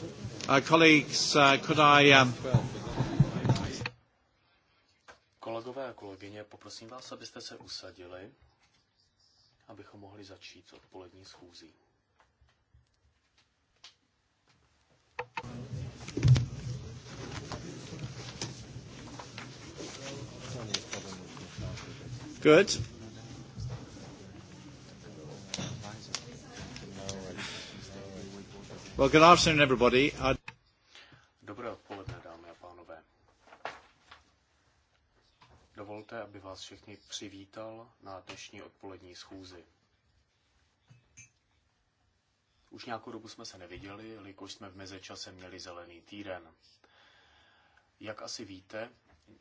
Uh, uh, um, Kolegové a kolegyně, poprosím vás, abyste se usadili, abychom mohli začít odpolední schůzí. Good. Well, good afternoon, everybody. Dobré odpoledne, dámy a pánové. Dovolte, aby vás všichni přivítal na dnešní odpolední schůzi. Už nějakou dobu jsme se neviděli, jelikož jsme v mezečase měli zelený týden. Jak asi víte,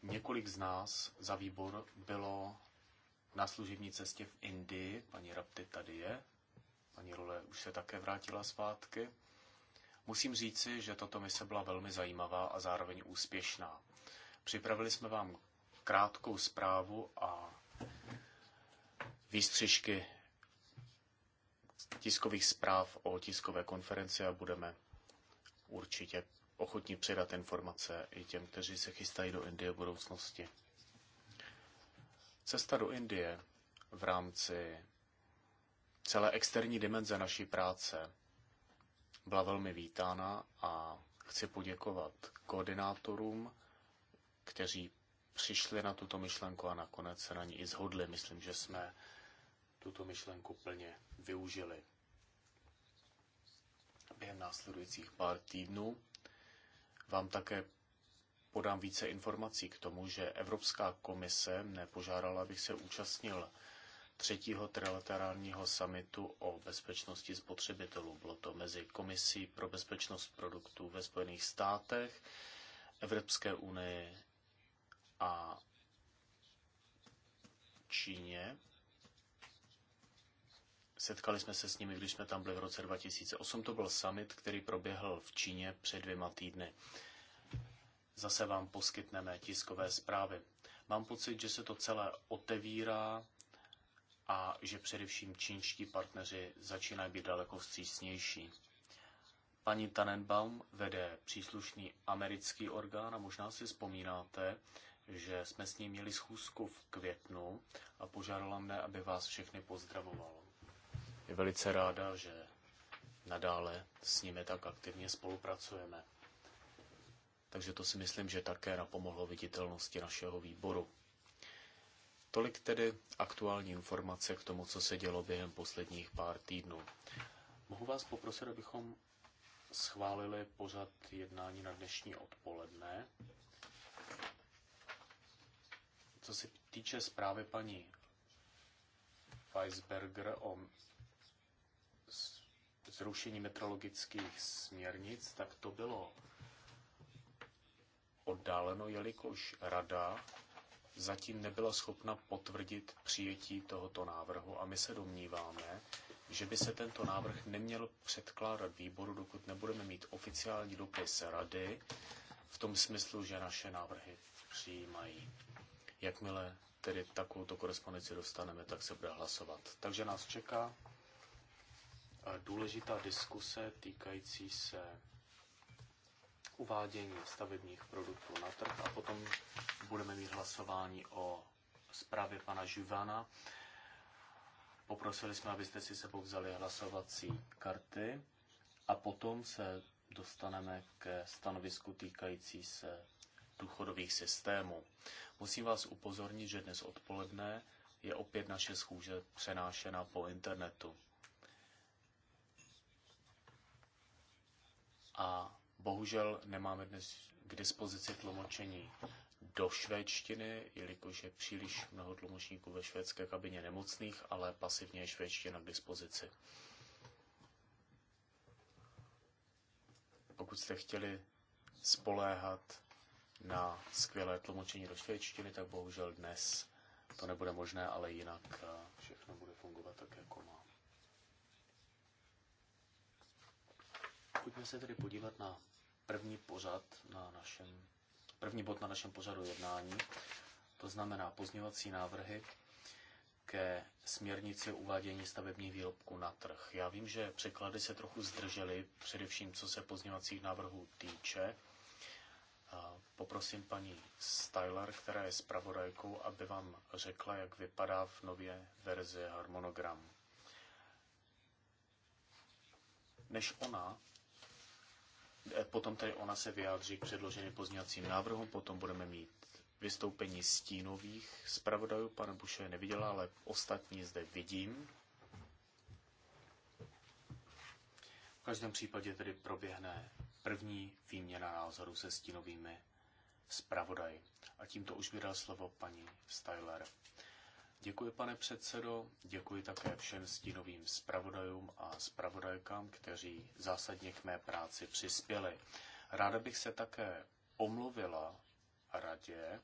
několik z nás za výbor bylo na služební cestě v Indii. Paní Rapty tady je, paní Role už se také vrátila zpátky. Musím říci, že tato mise byla velmi zajímavá a zároveň úspěšná. Připravili jsme vám krátkou zprávu a výstřižky tiskových zpráv o tiskové konferenci a budeme určitě ochotní předat informace i těm, kteří se chystají do Indie v budoucnosti. Cesta do Indie v rámci celé externí dimenze naší práce byla velmi vítána a chci poděkovat koordinátorům, kteří přišli na tuto myšlenku a nakonec se na ní i zhodli. Myslím, že jsme tuto myšlenku plně využili. Během následujících pár týdnů vám také podám více informací k tomu, že Evropská komise nepožádala, abych se účastnil třetího trilaterálního samitu o bezpečnosti spotřebitelů. Bylo to mezi Komisí pro bezpečnost produktů ve Spojených státech, Evropské unii a Číně. Setkali jsme se s nimi, když jsme tam byli v roce 2008. To byl summit, který proběhl v Číně před dvěma týdny. Zase vám poskytneme tiskové zprávy. Mám pocit, že se to celé otevírá a že především čínští partneři začínají být daleko vstřícnější. Paní Tannenbaum vede příslušný americký orgán a možná si vzpomínáte, že jsme s ní měli schůzku v květnu a požádala mne, aby vás všechny pozdravovala. Je velice ráda, že nadále s nimi tak aktivně spolupracujeme. Takže to si myslím, že také napomohlo viditelnosti našeho výboru. Tolik tedy aktuální informace k tomu, co se dělo během posledních pár týdnů. Mohu vás poprosit, abychom schválili pořad jednání na dnešní odpoledne. Co se týče zprávy paní Weisberger o zrušení metrologických směrnic, tak to bylo oddáleno, jelikož rada zatím nebyla schopna potvrdit přijetí tohoto návrhu a my se domníváme, že by se tento návrh neměl předkládat výboru, dokud nebudeme mít oficiální dopis rady v tom smyslu, že naše návrhy přijímají. Jakmile tedy takovouto korespondenci dostaneme, tak se bude hlasovat. Takže nás čeká eh, důležitá diskuse týkající se uvádění stavebních produktů na trh a potom budeme mít hlasování o zprávě pana Živana. Poprosili jsme, abyste si sebou vzali hlasovací karty a potom se dostaneme ke stanovisku týkající se důchodových systémů. Musím vás upozornit, že dnes odpoledne je opět naše schůze přenášena po internetu. A Bohužel nemáme dnes k dispozici tlumočení do švédštiny, jelikož je příliš mnoho tlumočníků ve švédské kabině nemocných, ale pasivně je švédština k dispozici. Pokud jste chtěli spoléhat na skvělé tlumočení do švédštiny, tak bohužel dnes to nebude možné, ale jinak eh, všechno bude fungovat tak, jako má. Pojďme se tedy podívat na první pořad na našem, první bod na našem pořadu jednání, to znamená pozměňovací návrhy ke směrnici uvádění stavebních výrobků na trh. Já vím, že překlady se trochu zdržely, především co se pozměňovacích návrhů týče. Poprosím paní Styler, která je zpravodajkou, aby vám řekla, jak vypadá v nově verzi harmonogram. Než ona Eh, potom tedy ona se vyjádří k předloženým pozněvacím návrhům, potom budeme mít vystoupení stínových zpravodajů. Pana Buše neviděla, ale ostatní zde vidím. V každém případě tedy proběhne první výměna názorů se stínovými zpravodaji. A tímto už vydal slovo paní Styler. Děkuji, pane předsedo, děkuji také všem stínovým zpravodajům a zpravodajkám, kteří zásadně k mé práci přispěli. Ráda bych se také omluvila radě.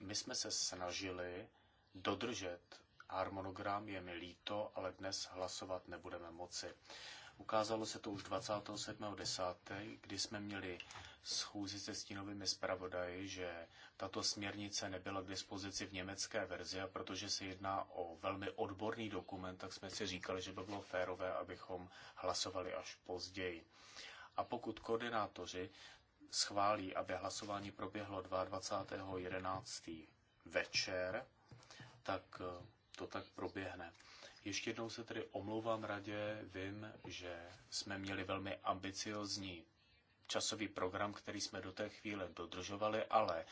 My jsme se snažili dodržet harmonogram, je mi líto, ale dnes hlasovat nebudeme moci. Ukázalo se to už 27.10., kdy jsme měli schůzi se stínovými zpravodaji, že tato směrnice nebyla k dispozici v německé verzi a protože se jedná o velmi odborný dokument, tak jsme si říkali, že by bylo férové, abychom hlasovali až později. A pokud koordinátoři schválí, aby hlasování proběhlo 22.11. večer, tak to tak proběhne. Ještě jednou se tedy omlouvám radě, vím, že jsme měli velmi ambiciozní časový program, který jsme do té chvíle dodržovali, ale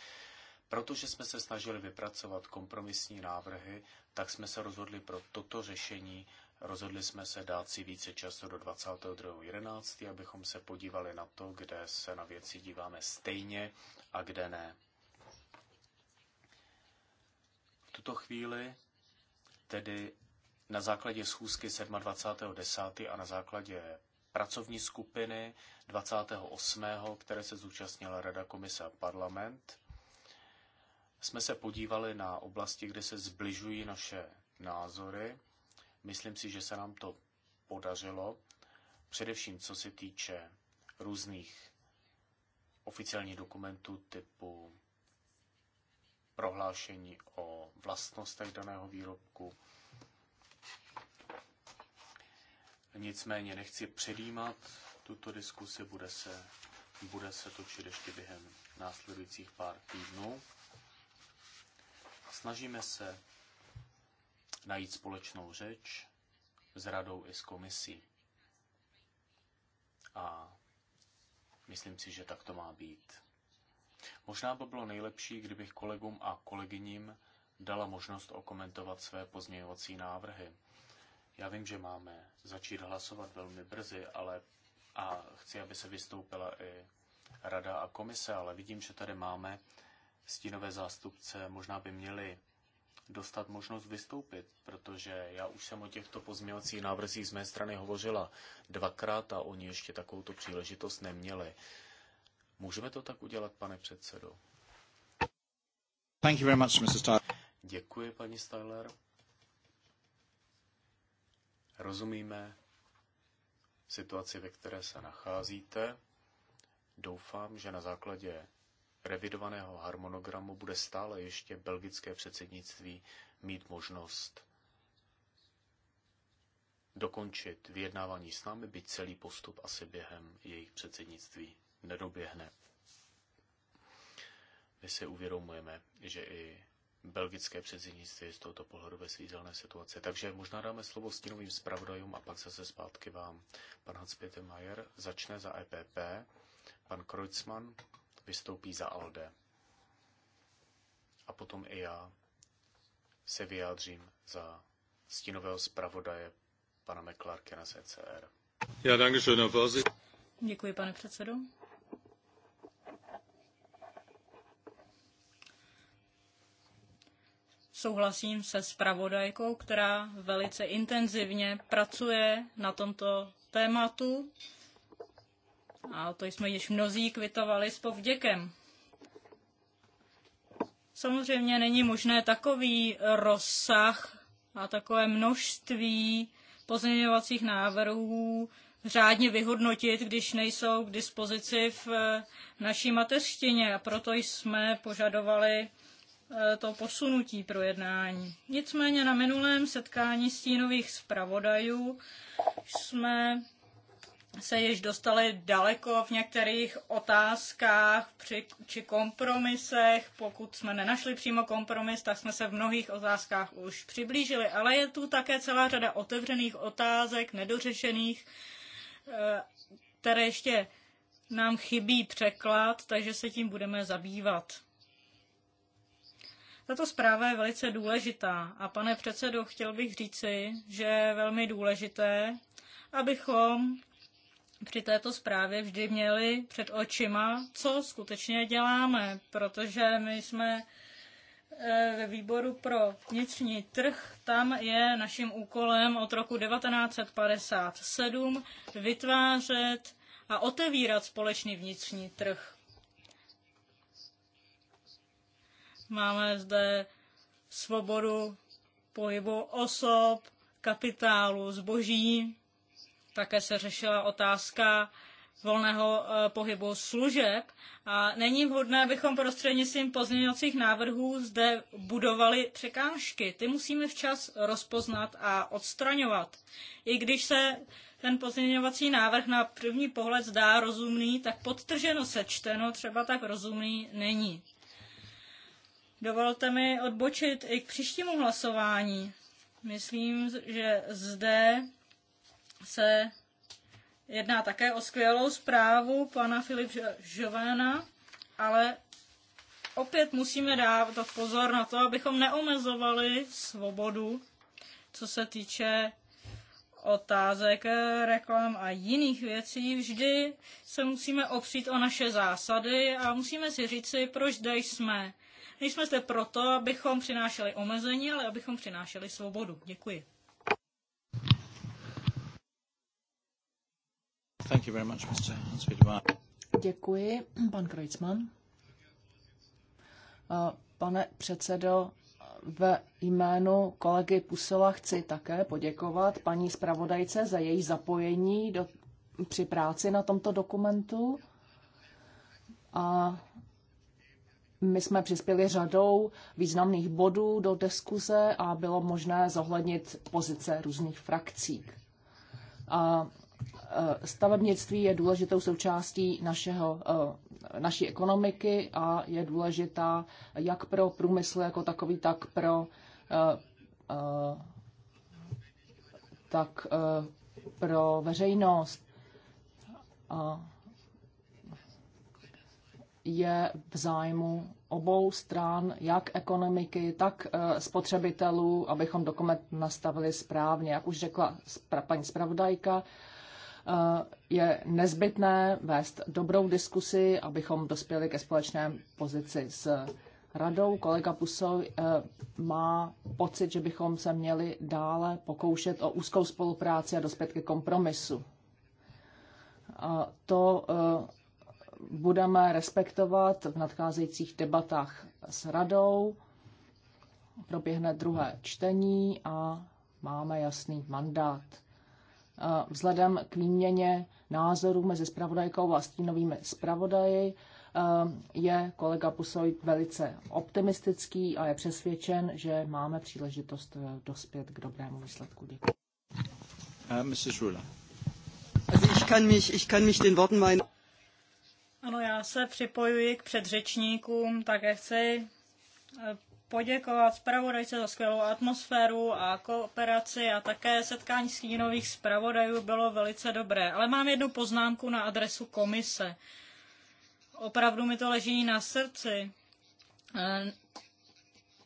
protože jsme se snažili vypracovat kompromisní návrhy, tak jsme se rozhodli pro toto řešení. Rozhodli jsme se dát si více času do 22.11., abychom se podívali na to, kde se na věci díváme stejně a kde ne. V tuto chvíli tedy na základě schůzky 27.10. a na základě pracovní skupiny 28., které se zúčastnila Rada komise a parlament, jsme se podívali na oblasti, kde se zbližují naše názory. Myslím si, že se nám to podařilo, především co se týče různých oficiálních dokumentů typu prohlášení o vlastnostech daného výrobku, Nicméně nechci předjímat tuto diskusi, bude se, bude se točit ještě během následujících pár týdnů. Snažíme se najít společnou řeč s radou i s komisí. A myslím si, že tak to má být. Možná by bylo nejlepší, kdybych kolegům a kolegyním dala možnost okomentovat své pozměňovací návrhy. Já vím, že máme začít hlasovat velmi brzy, ale a chci, aby se vystoupila i rada a komise, ale vidím, že tady máme stínové zástupce, možná by měli dostat možnost vystoupit, protože já už jsem o těchto pozměňovacích návrzích z mé strany hovořila dvakrát a oni ještě takovouto příležitost neměli. Můžeme to tak udělat, pane předsedo? Thank you very much, Mr. Děkuji, paní Styler. Rozumíme situaci, ve které se nacházíte. Doufám, že na základě revidovaného harmonogramu bude stále ještě belgické předsednictví mít možnost dokončit vyjednávání s námi, byť celý postup asi během jejich předsednictví nedoběhne. My si uvědomujeme, že i belgické předsednictví z tohoto pohledu ve svízelné situace. Takže možná dáme slovo stínovým zpravodajům a pak zase zpátky vám. Pan Hans-Peter Mayer začne za EPP, pan Kreutzmann vystoupí za ALDE. A potom i já se vyjádřím za stínového zpravodaje pana McClarkena z ECR. Já Děkuji, pane předsedo. souhlasím se spravodajkou, která velice intenzivně pracuje na tomto tématu. A to jsme již mnozí kvitovali s povděkem. Samozřejmě není možné takový rozsah a takové množství pozměňovacích návrhů řádně vyhodnotit, když nejsou k dispozici v naší mateřštině. A proto jsme požadovali Eh, to posunutí projednání. Nicméně na minulém setkání stínových zpravodajů jsme se již dostali daleko v některých otázkách při, či kompromisech. Pokud jsme nenašli přímo kompromis, tak jsme se v mnohých otázkách už přiblížili. Ale je tu také celá řada otevřených otázek, nedořešených, eh, které ještě nám chybí překlad, takže se tím budeme zabývat. Tato zpráva je velice důležitá a pane předsedo, chtěl bych říci, že je velmi důležité, abychom při této zprávě vždy měli před očima, co skutečně děláme, protože my jsme eh, ve výboru pro vnitřní trh, tam je naším úkolem od roku 1957 vytvářet a otevírat společný vnitřní trh. Máme zde svobodu pohybu osob, kapitálu, zboží. Také se řešila otázka volného eh, pohybu služeb. A není vhodné, abychom prostřednictvím pozměňovacích návrhů zde budovali překážky. Ty musíme včas rozpoznat a odstraňovat. I když se ten pozměňovací návrh na první pohled zdá rozumný, tak podtrženo sečteno třeba tak rozumný není. Dovolte mi odbočit i k příštímu hlasování. Myslím, že zde se jedná také o skvělou zprávu pana Filip Žovéna, ale opět musíme dát pozor na to, abychom neomezovali svobodu, co se týče otázek, reklam a jiných věcí, vždy se musíme opřít o naše zásady a musíme si říci, proč zde jsme. Nejsme zde proto, abychom přinášeli omezení, ale abychom přinášeli svobodu. Děkuji. Thank you very much, Mr. Děkuji, pan Kreutzmann. Eh, pane předsedo, ve jménu kolegy Pusela chci také poděkovat paní zpravodajce za její zapojení do, při práci na tomto dokumentu. A my jsme přispěli řadou významných bodů do diskuze a bylo možné zohlednit pozice různých frakcí. A e, stavebnictví je důležitou součástí našeho, e, naší ekonomiky a je důležitá jak pro průmysl jako takový, tak pro e, tak pro veřejnost. A je v zájmu obou stran, jak ekonomiky, tak eh, spotřebitelů, abychom dokument nastavili správně. Jak už řekla paní zpravodajka, eh, je nezbytné vést dobrou diskusi, abychom dospěli ke společné pozici s radou. Kolega Pusov eh, má pocit, že bychom se měli dále pokoušet o úzkou spolupráci a dospět ke kompromisu. To budeme respektovat v nadcházejících debatách s radou. Proběhne druhé čtení a máme jasný mandát. Vzhledem k výměně názorů mezi spravodajkou a stínovými spravodaji je kolega Pusoj velice optimistický a je přesvědčen, že máme příležitost e, dospět k dobrému výsledku. Děkuji. Uh, Mrs. Rula. Also ich kann mich, ich kann mich den Worten meinen. Ano, já se připojuji k předřečníkům, také chci eh, poděkovat zpravodajce za skvělou atmosféru a kooperaci a také setkání stínových zpravodajů bylo velice dobré. Ale mám jednu poznámku na adresu komise. Opravdu mi to leží na srdci. Eh,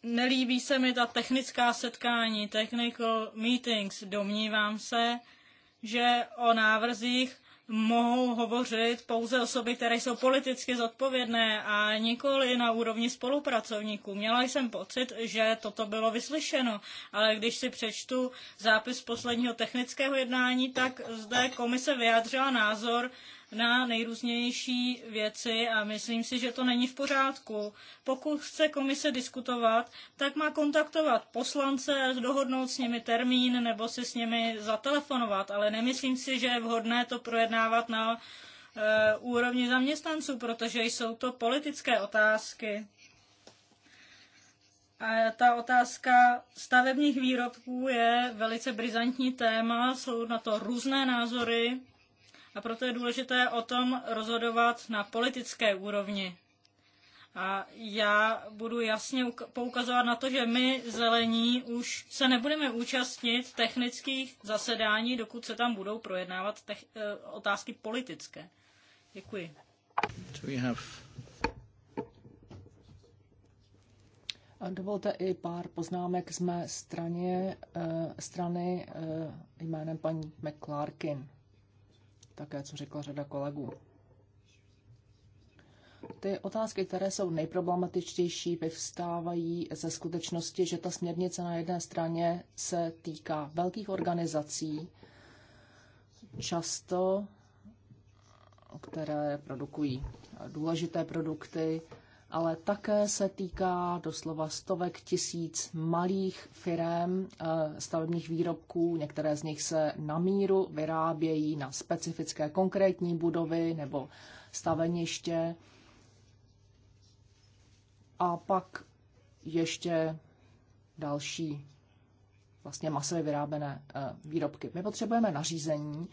nelíbí se mi ta technická setkání, technical meetings. Domnívám se, že o návrzích mohou hovořit pouze osoby, které jsou politicky zodpovědné a nikoli na úrovni spolupracovníků. Měla jsem pocit, že toto bylo vyslyšeno, ale když si přečtu zápis posledního technického jednání, tak zde komise vyjádřila názor, na nejrůznější věci a myslím si, že to není v pořádku. Pokud chce komise diskutovat, tak má kontaktovat poslance, dohodnout s nimi termín nebo si s nimi zatelefonovat, ale nemyslím si, že je vhodné to projednávat na e, úrovni zaměstnanců, protože jsou to politické otázky. A ta otázka stavebních výrobků je velice brizantní téma, jsou na to různé názory a proto je důležité o tom rozhodovat na politické úrovni. A já budu jasně poukazovat na to, že my zelení už se nebudeme účastnit technických zasedání, dokud se tam budou projednávat eh, otázky politické. Děkuji. Do we have... A dovolte i pár poznámek z mé straně, eh, strany eh, jménem paní McClarkin také, co řekla řada kolegů. Ty otázky, které jsou nejproblematičtější, vyvstávají ze skutečnosti, že ta směrnice na jedné straně se týká velkých organizací, často které produkují důležité produkty, ale také se týká doslova stovek tisíc malých firm eh, stavebních výrobků. Některé z nich se na míru vyrábějí na specifické konkrétní budovy nebo staveniště. A pak ještě další vlastně masově vyrábené eh, výrobky. My potřebujeme nařízení,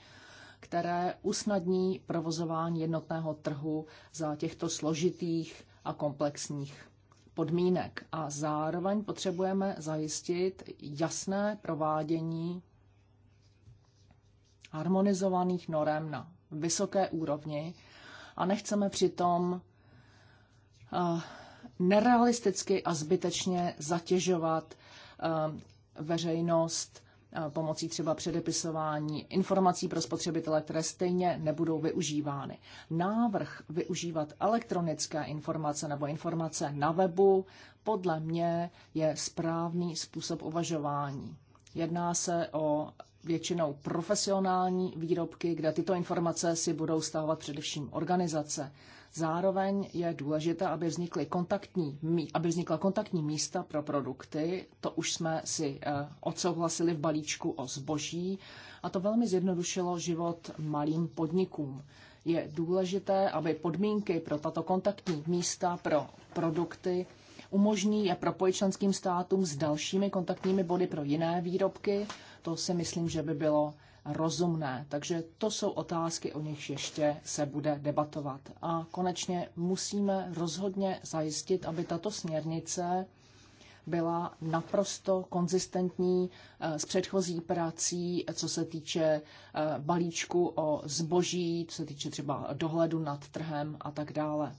které usnadní provozování jednotného trhu za těchto složitých a komplexních podmínek. A zároveň potřebujeme zajistit jasné provádění harmonizovaných norem na vysoké úrovni a nechceme přitom eh, nerealisticky a zbytečně zatěžovat eh, veřejnost Eh, pomocí třeba předepisování informací pro spotřebitele, které stejně nebudou využívány. Návrh využívat elektronické informace nebo informace na webu podle mě je správný způsob uvažování. Jedná se o většinou profesionální výrobky, kde tyto informace si budou stahovat především organizace. Zároveň je důležité, aby, vznikly kontaktní, aby vznikla kontaktní místa pro produkty. To už jsme si eh, odsouhlasili v balíčku o zboží a to velmi zjednodušilo život malým podnikům. Je důležité, aby podmínky pro tato kontaktní místa pro produkty umožní je propojit členským státům s dalšími kontaktními body pro jiné výrobky. To si myslím, že by bylo rozumné. Takže to jsou otázky, o nich ještě se bude debatovat. A konečně musíme rozhodně zajistit, aby tato směrnice byla naprosto konzistentní eh, s předchozí prací, co se týče eh, balíčku o zboží, co se týče třeba dohledu nad trhem a tak dále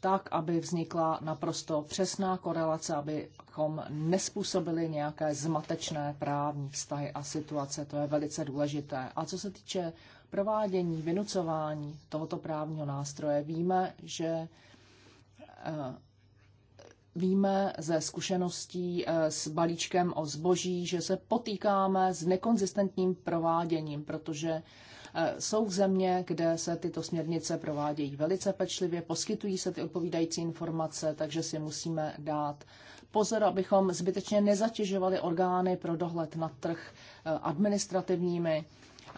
tak, aby vznikla naprosto přesná korelace, abychom nespůsobili nějaké zmatečné právní vztahy a situace. To je velice důležité. A co se týče provádění, vynucování tohoto právního nástroje, víme, že eh, víme ze zkušeností eh, s balíčkem o zboží, že se potýkáme s nekonzistentním prováděním, protože Eh, jsou země, kde se tyto směrnice provádějí velice pečlivě, poskytují se ty odpovídající informace, takže si musíme dát pozor, abychom zbytečně nezatěžovali orgány pro dohled na trh eh, administrativními eh,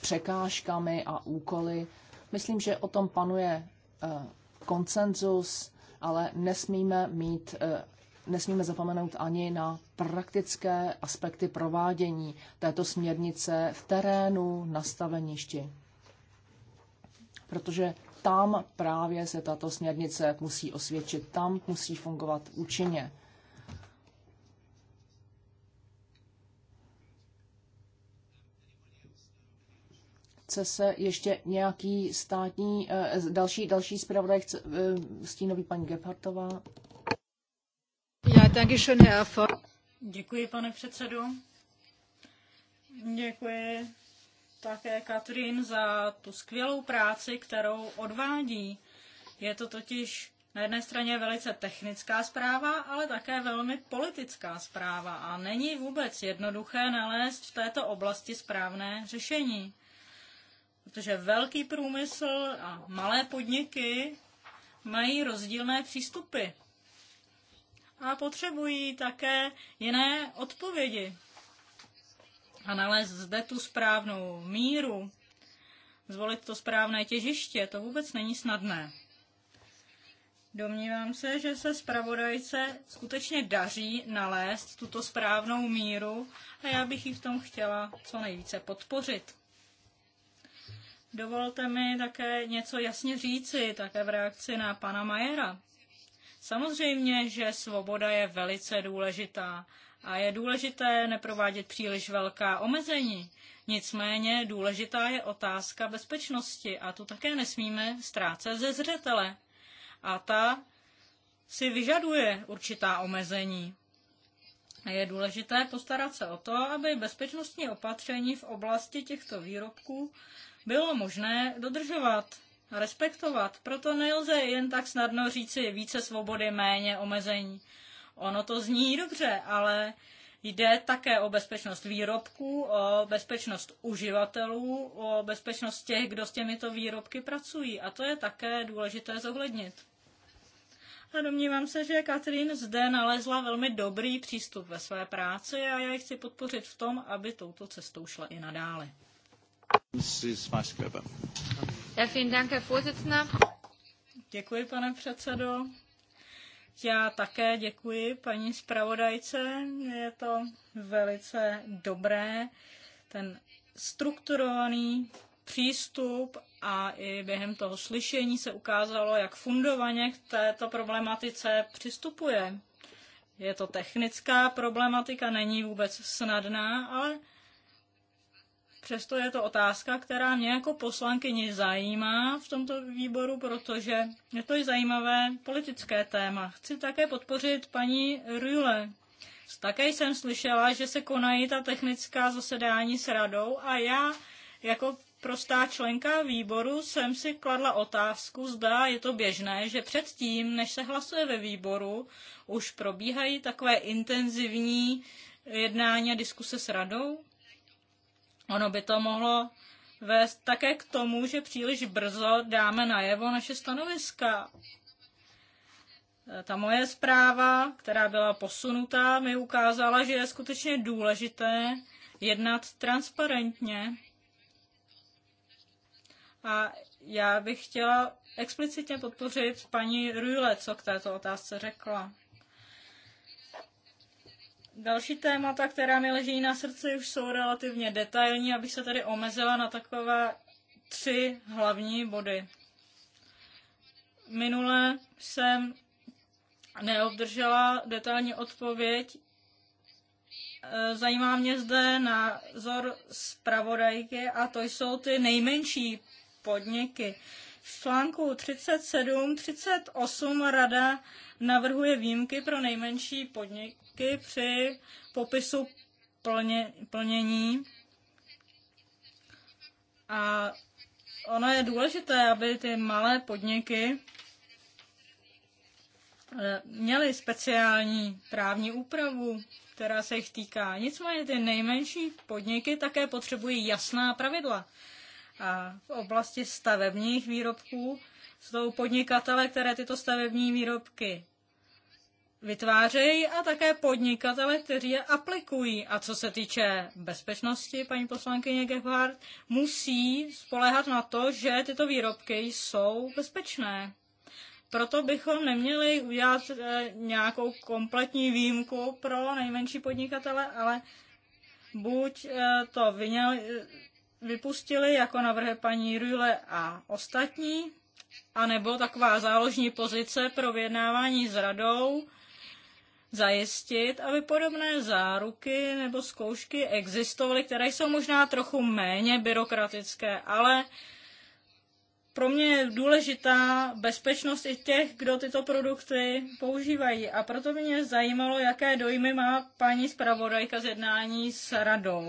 překážkami a úkoly. Myslím, že o tom panuje konsenzus, ale nesmíme mít nesmíme zapomenout ani na praktické aspekty provádění této směrnice v terénu, na staveništi. Protože tam právě se tato směrnice musí osvědčit, tam musí fungovat účinně. chce se ještě nějaký státní, eh, další, další zpravodaj, eh, stínový paní Gebhartová. Děkuji, pane předsedající Děkuji také Katrin za tu skvělou práci, kterou odvádí. Je to totiž na jedné straně velice technická zpráva, ale také velmi politická zpráva a není vůbec jednoduché nalézt v této oblasti správné řešení. Protože velký průmysl a malé podniky mají rozdílné přístupy a potřebují také jiné odpovědi. A nalézt zde tu správnou míru, zvolit to správné těžiště, to vůbec není snadné. Domnívám se, že se zpravodajce skutečně daří nalézt tuto správnou míru a já bych ji v tom chtěla co nejvíce podpořit. Dovolte mi také něco jasně říci, také v reakci na pana Majera. Samozřejmě, že svoboda je velice důležitá a je důležité neprovádět příliš velká omezení. Nicméně důležitá je otázka bezpečnosti a tu také nesmíme ztrácet ze zřetele. A ta si vyžaduje určitá omezení. Je důležité postarat se o to, aby bezpečnostní opatření v oblasti těchto výrobků bylo možné dodržovat respektovat. Proto nelze jen tak snadno říci více svobody, méně omezení. Ono to zní dobře, ale jde také o bezpečnost výrobků, o bezpečnost uživatelů, o bezpečnost těch, kdo s těmito výrobky pracují. A to je také důležité zohlednit. A domnívám se, že Katrin zde nalezla velmi dobrý přístup ve své práci a já ji chci podpořit v tom, aby touto cestou šla i nadále. Děkuji, pane předsedo. Já také děkuji paní zpravodajce. Je to velice dobré, ten strukturovaný přístup a i během toho slyšení se ukázalo, jak fundovaně k této problematice přistupuje. Je to technická problematika, není vůbec snadná, ale přesto je to otázka, která mě jako poslankyni zajímá v tomto výboru, protože je to i zajímavé politické téma. Chci také podpořit paní Rüle. Také jsem slyšela, že se konají ta technická zasedání s radou a já jako prostá členka výboru jsem si kladla otázku, zda je to běžné, že předtím, než se hlasuje ve výboru, už probíhají takové intenzivní jednání a diskuse s radou. Ono by to mohlo vést také k tomu, že příliš brzo dáme najevo naše stanoviska. E, ta moje zpráva, která byla posunutá, mi ukázala, že je skutečně důležité jednat transparentně. A já bych chtěla explicitně podpořit paní Rujle, co k této otázce řekla. Další témata, která mi leží na srdci, už jsou relativně detailní, abych se tady omezila na takové tři hlavní body. Minule jsem neobdržela detailní odpověď. E, zajímá mě zde názor zpravodajky a to jsou ty nejmenší podniky. V článku 37-38 rada navrhuje výjimky pro nejmenší podnik, vždycky při popisu plně, plnění. A ono je důležité, aby ty malé podniky eh, měly speciální právní úpravu, která se jich týká. Nicméně ty nejmenší podniky také potřebují jasná pravidla. A v oblasti stavebních výrobků jsou podnikatele, které tyto stavební výrobky vytvářejí a také podnikatele, kteří je aplikují. A co se týče bezpečnosti, paní poslankyně Gebhardt, musí spolehat na to, že tyto výrobky jsou bezpečné. Proto bychom neměli udělat eh, nějakou kompletní výjimku pro nejmenší podnikatele, ale buď eh, to vyněli, vypustili, jako navrhe paní Rüle a ostatní, anebo taková záložní pozice pro vyjednávání s radou, zajistit, aby podobné záruky nebo zkoušky existovaly, které jsou možná trochu méně byrokratické, ale pro mě je důležitá bezpečnost i těch, kdo tyto produkty používají. A proto mě zajímalo, jaké dojmy má paní zpravodajka z jednání s radou.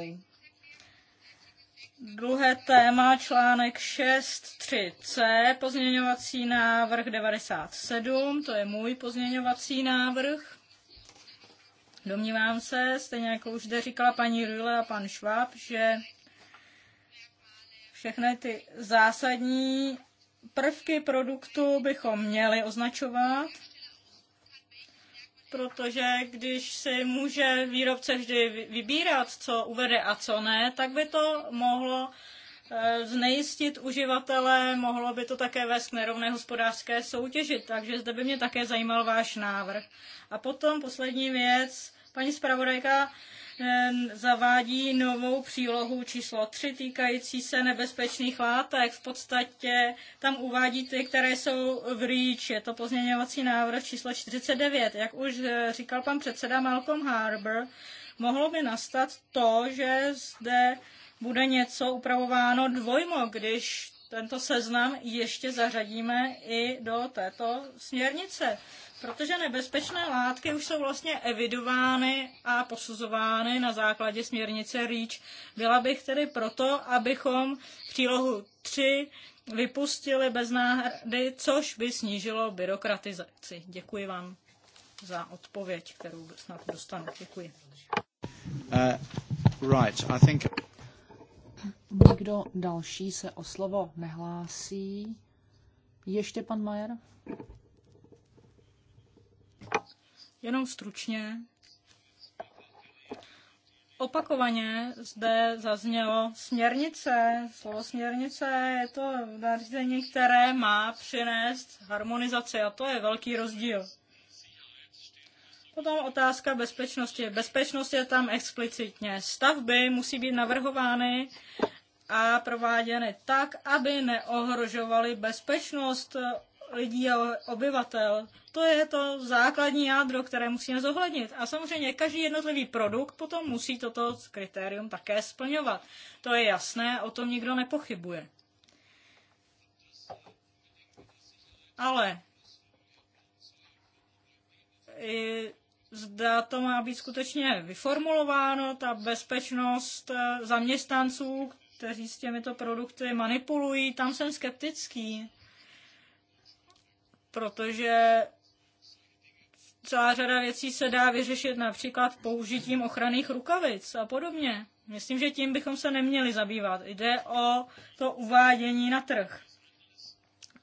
Druhé téma, článek 6.3c, pozměňovací návrh 97, to je můj pozměňovací návrh. Domnívám se, stejně jako už zde říkala paní Rule a pan Schwab, že všechny ty zásadní prvky produktu bychom měli označovat, protože když si může výrobce vždy vybírat, co uvede a co ne, tak by to mohlo Eh, znejistit uživatele, mohlo by to také vést k nerovné hospodářské soutěži, takže zde by mě také zajímal váš návrh. A potom poslední věc, paní zpravodajka zavádí novou přílohu číslo 3 týkající se nebezpečných látek. V podstatě tam uvádí ty, které jsou v REACH. Je to pozměňovací návrh číslo 49. Jak už eh, říkal pan předseda Malcolm Harbour, mohlo by nastat to, že zde bude něco upravováno dvojmo, když tento seznam ještě zařadíme i do této směrnice. Protože nebezpečné látky už jsou vlastně evidovány a posuzovány na základě směrnice REACH. Byla bych tedy proto, abychom přílohu 3 vypustili bez náhrady, což by snížilo byrokratizaci. Děkuji vám za odpověď, kterou snad dostanu. Děkuji. Uh, right, I think... Nikdo další se o slovo nehlásí. Ještě pan Majer? Jenom stručně. Opakovaně zde zaznělo směrnice. Slovo směrnice je to nařízení, které má přinést harmonizaci a to je velký rozdíl. Potom otázka bezpečnosti. Bezpečnost je tam explicitně. Stavby musí být navrhovány a prováděny tak, aby neohrožovaly bezpečnost lidí a obyvatel. To je to základní jádro, které musíme zohlednit. A samozřejmě každý jednotlivý produkt potom musí toto kritérium také splňovat. To je jasné, o tom nikdo nepochybuje. Ale zda to má být skutečně vyformulováno, ta bezpečnost zaměstnanců, kteří s těmito produkty manipulují, tam jsem skeptický. Protože celá řada věcí se dá vyřešit například použitím ochranných rukavic a podobně. Myslím, že tím bychom se neměli zabývat. Jde o to uvádění na trh.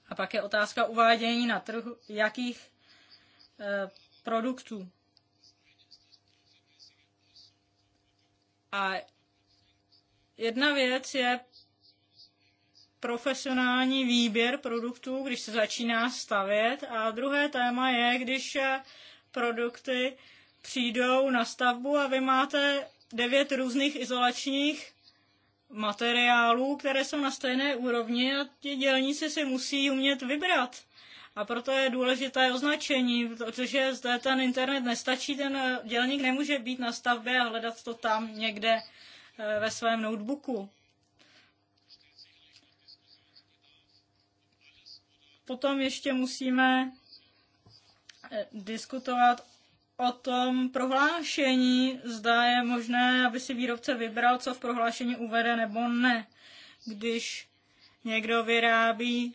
A pak je otázka uvádění na trh jakých e, produktů. A Jedna věc je profesionální výběr produktů, když se začíná stavět. A druhé téma je, když eh, produkty přijdou na stavbu a vy máte devět různých izolačních materiálů, které jsou na stejné úrovni a ti dělníci si musí umět vybrat. A proto je důležité označení, protože zde ten internet nestačí, ten eh, dělník nemůže být na stavbě a hledat to tam někde Eh, ve svém notebooku. Potom ještě musíme eh, diskutovat o tom prohlášení, zda je možné, aby si výrobce vybral, co v prohlášení uvede nebo ne. Když někdo vyrábí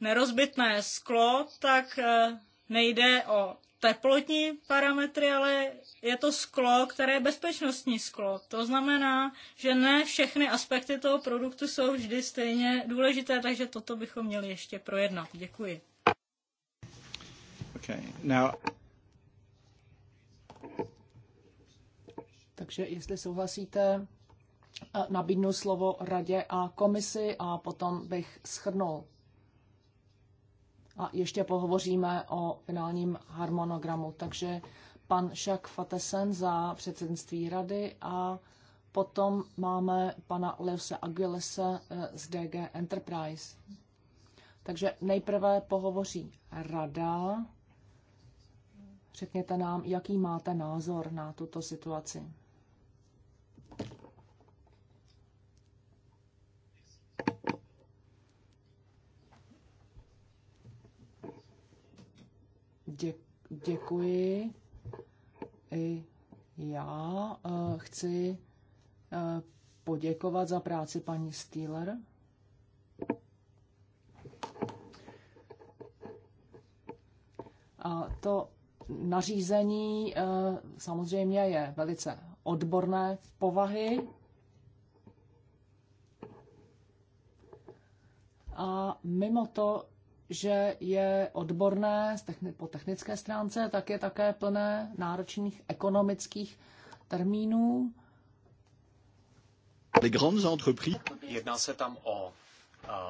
nerozbitné sklo, tak eh, nejde o teplotní parametry, ale je to sklo, které je bezpečnostní sklo. To znamená, že ne všechny aspekty toho produktu jsou vždy stejně důležité, takže toto bychom měli ještě projednat. Děkuji. Okay, now... Takže jestli souhlasíte, eh, nabídnu slovo radě a komisi a potom bych shrnul a ještě pohovoříme o finálním harmonogramu. Takže pan Šak Fatesen za předsednictví rady a potom máme pana Leose Aguilese eh, z DG Enterprise. Takže nejprve pohovoří rada. Řekněte nám, jaký máte názor na tuto situaci. Dě, děkuji. I já uh, chci uh, poděkovat za práci paní Steeler. A to nařízení uh, samozřejmě je velice odborné v povahy, a mimo to že je odborné po technické stránce, tak je také plné náročných ekonomických termínů. Jedná se tam o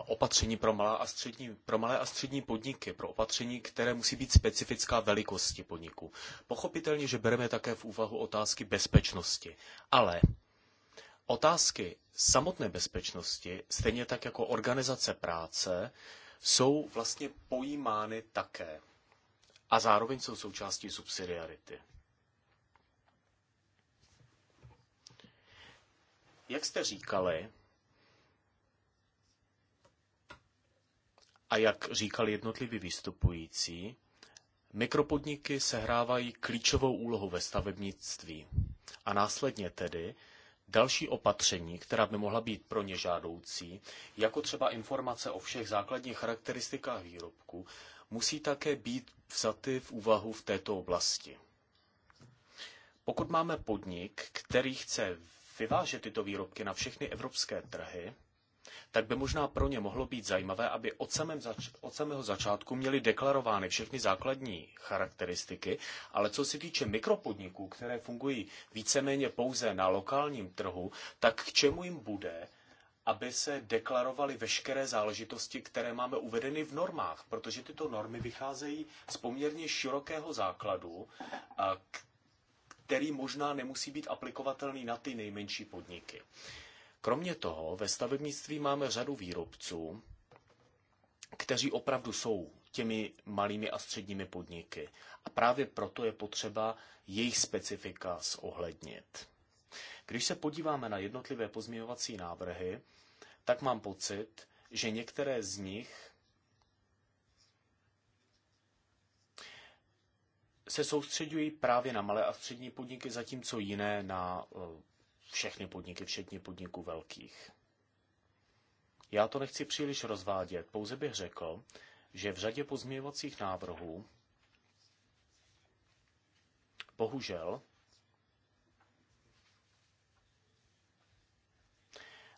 opatření pro malé, a střední, pro malé a střední podniky, pro opatření, které musí být specifická velikosti podniku. Pochopitelně, že bereme také v úvahu otázky bezpečnosti, ale otázky samotné bezpečnosti, stejně tak jako organizace práce, jsou vlastně pojímány také a zároveň jsou součástí subsidiarity. Jak jste říkali, a jak říkali jednotliví vystupující, mikropodniky sehrávají klíčovou úlohu ve stavebnictví a následně tedy další opatření, která by mohla být pro ně žádoucí, jako třeba informace o všech základních charakteristikách výrobku, musí také být vzaty v úvahu v této oblasti. Pokud máme podnik, který chce vyvážet tyto výrobky na všechny evropské trhy, tak by možná pro ně mohlo být zajímavé, aby od, samém zač- od samého začátku měli deklarovány všechny základní charakteristiky, ale co se týče mikropodniků, které fungují víceméně pouze na lokálním trhu, tak k čemu jim bude, aby se deklarovaly veškeré záležitosti, které máme uvedeny v normách, protože tyto normy vycházejí z poměrně širokého základu, který možná nemusí být aplikovatelný na ty nejmenší podniky. Kromě toho ve stavebnictví máme řadu výrobců, kteří opravdu jsou těmi malými a středními podniky. A právě proto je potřeba jejich specifika zohlednit. Když se podíváme na jednotlivé pozměňovací návrhy, tak mám pocit, že některé z nich se soustředují právě na malé a střední podniky, zatímco jiné na eh, všechny podniky, všetně podniků velkých. Já to nechci příliš rozvádět, pouze bych řekl, že v řadě pozměňovacích návrhů bohužel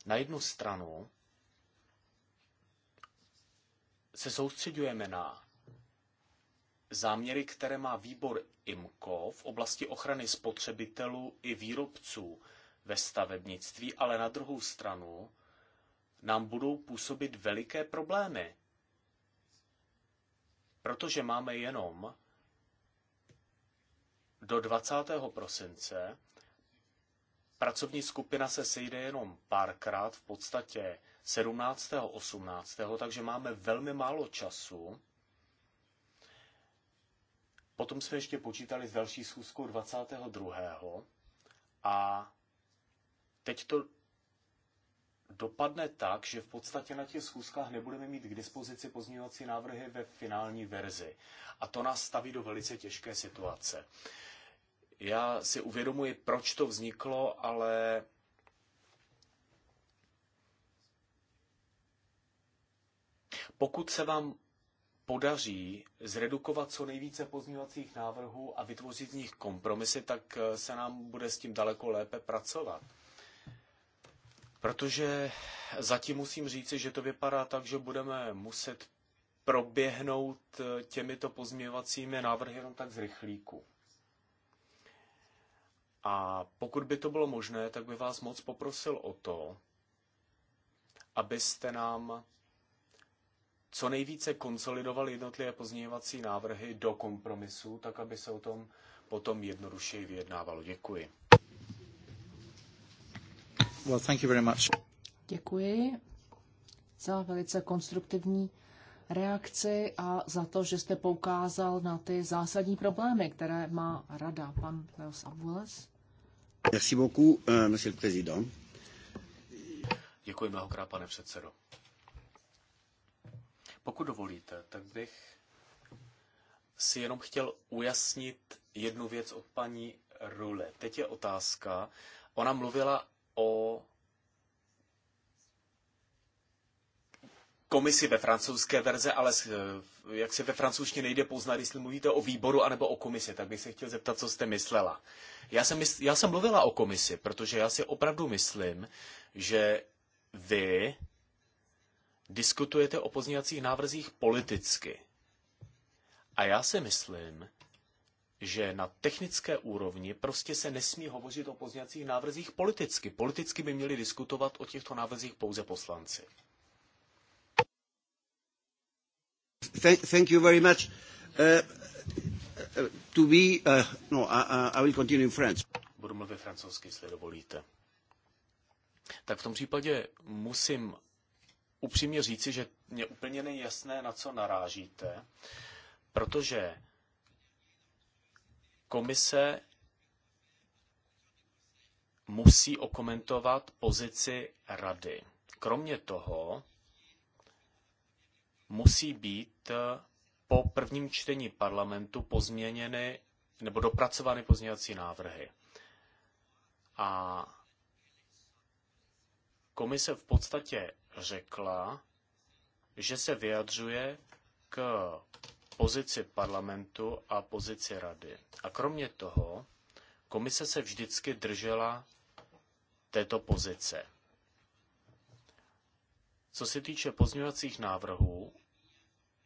na jednu stranu se soustředujeme na záměry, které má výbor IMCO v oblasti ochrany spotřebitelů i výrobců ve stavebnictví, ale na druhou stranu nám budou působit veliké problémy. Protože máme jenom do 20. prosince. Pracovní skupina se sejde jenom párkrát, v podstatě 17. 18. takže máme velmi málo času. Potom jsme ještě počítali s další schůzkou 22. a Teď to dopadne tak, že v podstatě na těch schůzkách nebudeme mít k dispozici pozměňovací návrhy ve finální verzi. A to nás staví do velice těžké situace. Já si uvědomuji, proč to vzniklo, ale pokud se vám podaří zredukovat co nejvíce pozměňovacích návrhů a vytvořit z nich kompromisy, tak se nám bude s tím daleko lépe pracovat. Protože zatím musím říci, že to vypadá tak, že budeme muset proběhnout eh, těmito pozměvacími návrhy jenom tak z rychlíku. A pokud by to bylo možné, tak by vás moc poprosil o to, abyste nám co nejvíce konsolidovali jednotlivé pozměňovací návrhy do kompromisu, tak aby se o tom potom jednodušeji vyjednávalo. Děkuji. Well, thank you very much. Děkuji za velice konstruktivní reakci a za to, že jste poukázal na ty zásadní problémy, které má rada. Pan Leos Abules. Merci beaucoup, euh, monsieur le président. Děkuji mnohokrát, pane předsedo. Pokud dovolíte, tak bych si jenom chtěl ujasnit jednu věc od paní Rule. Teď je otázka. Ona mluvila o komisi ve francouzské verze, ale eh, jak se ve francouzštině nejde poznat, jestli mluvíte o výboru anebo o komisi, tak bych se chtěl zeptat, co jste myslela. Já jsem, mysl, já jsem mluvila o komisi, protože já si opravdu myslím, že vy diskutujete o pozněvacích návrzích politicky. A já si myslím, že na technické úrovni prostě se nesmí hovořit o pozněcích návrzích politicky. Politicky by měli diskutovat o těchto návrzích pouze poslanci. Thank you very much. Uh, uh, to be, uh, no, I, I will continue in French. Budu mluvit francouzsky, jestli dovolíte. Tak v tom případě musím upřímně říci, že mě úplně není jasné, na co narážíte, protože Komise musí okomentovat pozici rady. Kromě toho musí být eh, po prvním čtení parlamentu pozměněny nebo dopracovány pozměňovací návrhy. A komise v podstatě řekla, že se vyjadřuje k pozici parlamentu a pozici rady. A kromě toho, komise se vždycky držela této pozice. Co se týče pozměňovacích návrhů,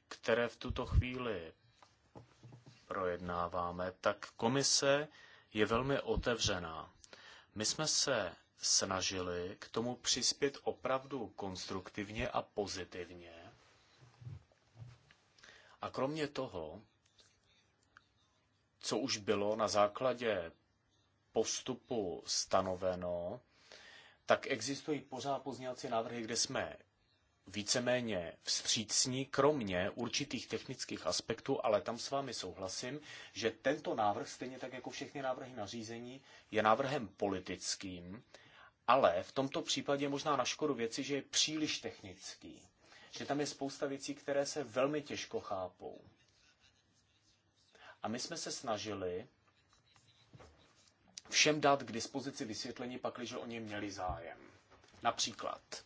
které v tuto chvíli projednáváme, tak komise je velmi otevřená. My jsme se snažili k tomu přispět opravdu konstruktivně a pozitivně a kromě toho, co už bylo na základě postupu stanoveno, tak existují pořád pozněvací návrhy, kde jsme víceméně vstřícní, kromě určitých technických aspektů, ale tam s vámi souhlasím, že tento návrh, stejně tak jako všechny návrhy na řízení, je návrhem politickým, ale v tomto případě možná na škodu věci, že je příliš technický že tam je spousta věcí, které se velmi těžko chápou. A my jsme se snažili všem dát k dispozici vysvětlení, pakliže o měli zájem. Například,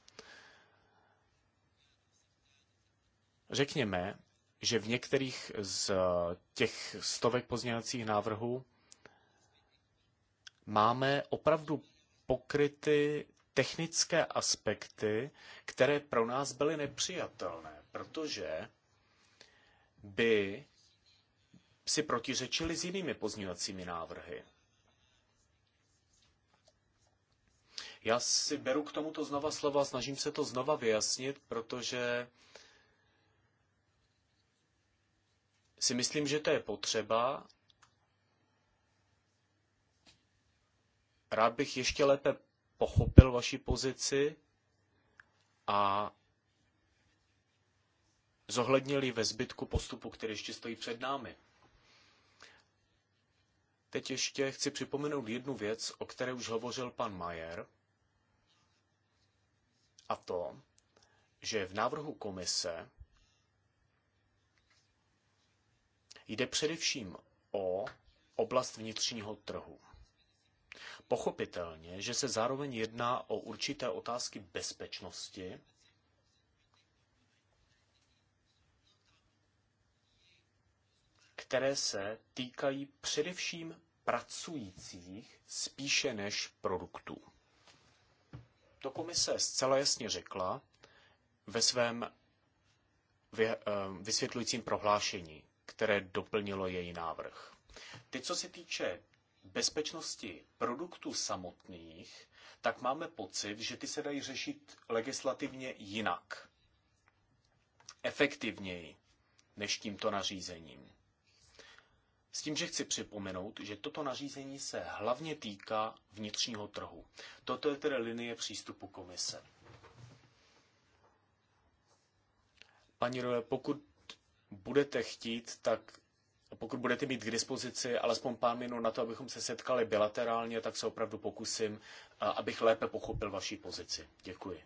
řekněme, že v některých z těch stovek pozměňovacích návrhů máme opravdu pokryty technické aspekty, které pro nás byly nepřijatelné, protože by si protiřečili s jinými pozměňovacími návrhy. Já si beru k tomuto znova slova, snažím se to znova vyjasnit, protože si myslím, že to je potřeba. Rád bych ještě lépe pochopil vaši pozici a zohlednili ve zbytku postupu, který ještě stojí před námi. Teď ještě chci připomenout jednu věc, o které už hovořil pan Majer, a to, že v návrhu komise jde především o oblast vnitřního trhu. Pochopitelně, že se zároveň jedná o určité otázky bezpečnosti, které se týkají především pracujících spíše než produktů. To komise zcela jasně řekla ve svém eh, vysvětlujícím prohlášení, které doplnilo její návrh. Ty, co se týče bezpečnosti produktů samotných, tak máme pocit, že ty se dají řešit legislativně jinak, efektivněji než tímto nařízením. S tím, že chci připomenout, že toto nařízení se hlavně týká vnitřního trhu. Toto je tedy linie přístupu komise. Paní Role, pokud budete chtít, tak pokud budete mít k dispozici alespoň pár minut na to, abychom se setkali bilaterálně, tak se opravdu pokusím, abych lépe pochopil vaši pozici. Děkuji.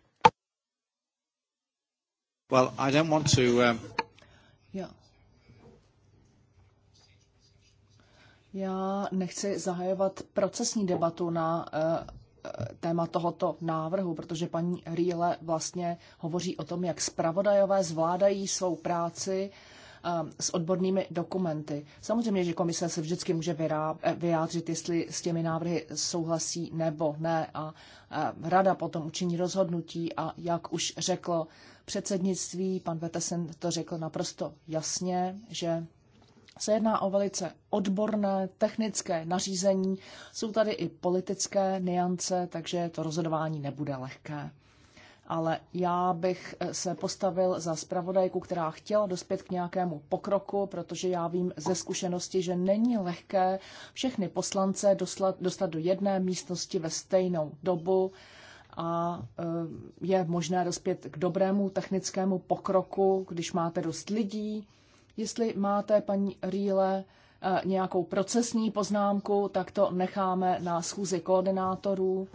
Well, I don't want to, um... Já. Já nechci zahajovat procesní debatu na uh, téma tohoto návrhu, protože paní Rýle vlastně hovoří o tom, jak zpravodajové zvládají svou práci uh, Um, s odbornými dokumenty. Samozřejmě, že komise se vždycky může eh, vyjádřit, jestli s těmi návrhy souhlasí nebo ne a eh, rada potom učiní rozhodnutí a jak už řeklo předsednictví, pan Vetesen to řekl naprosto jasně, že se jedná o velice odborné technické nařízení, jsou tady i politické niance, takže to rozhodování nebude lehké ale já bych eh, se postavil za zpravodajku, která chtěla dospět k nějakému pokroku, protože já vím ze zkušenosti, že není lehké všechny poslance dostat, dostat do jedné místnosti ve stejnou dobu a eh, je možné dospět k dobrému technickému pokroku, když máte dost lidí. Jestli máte, paní Rýle, eh, nějakou procesní poznámku, tak to necháme na schůzi koordinátorů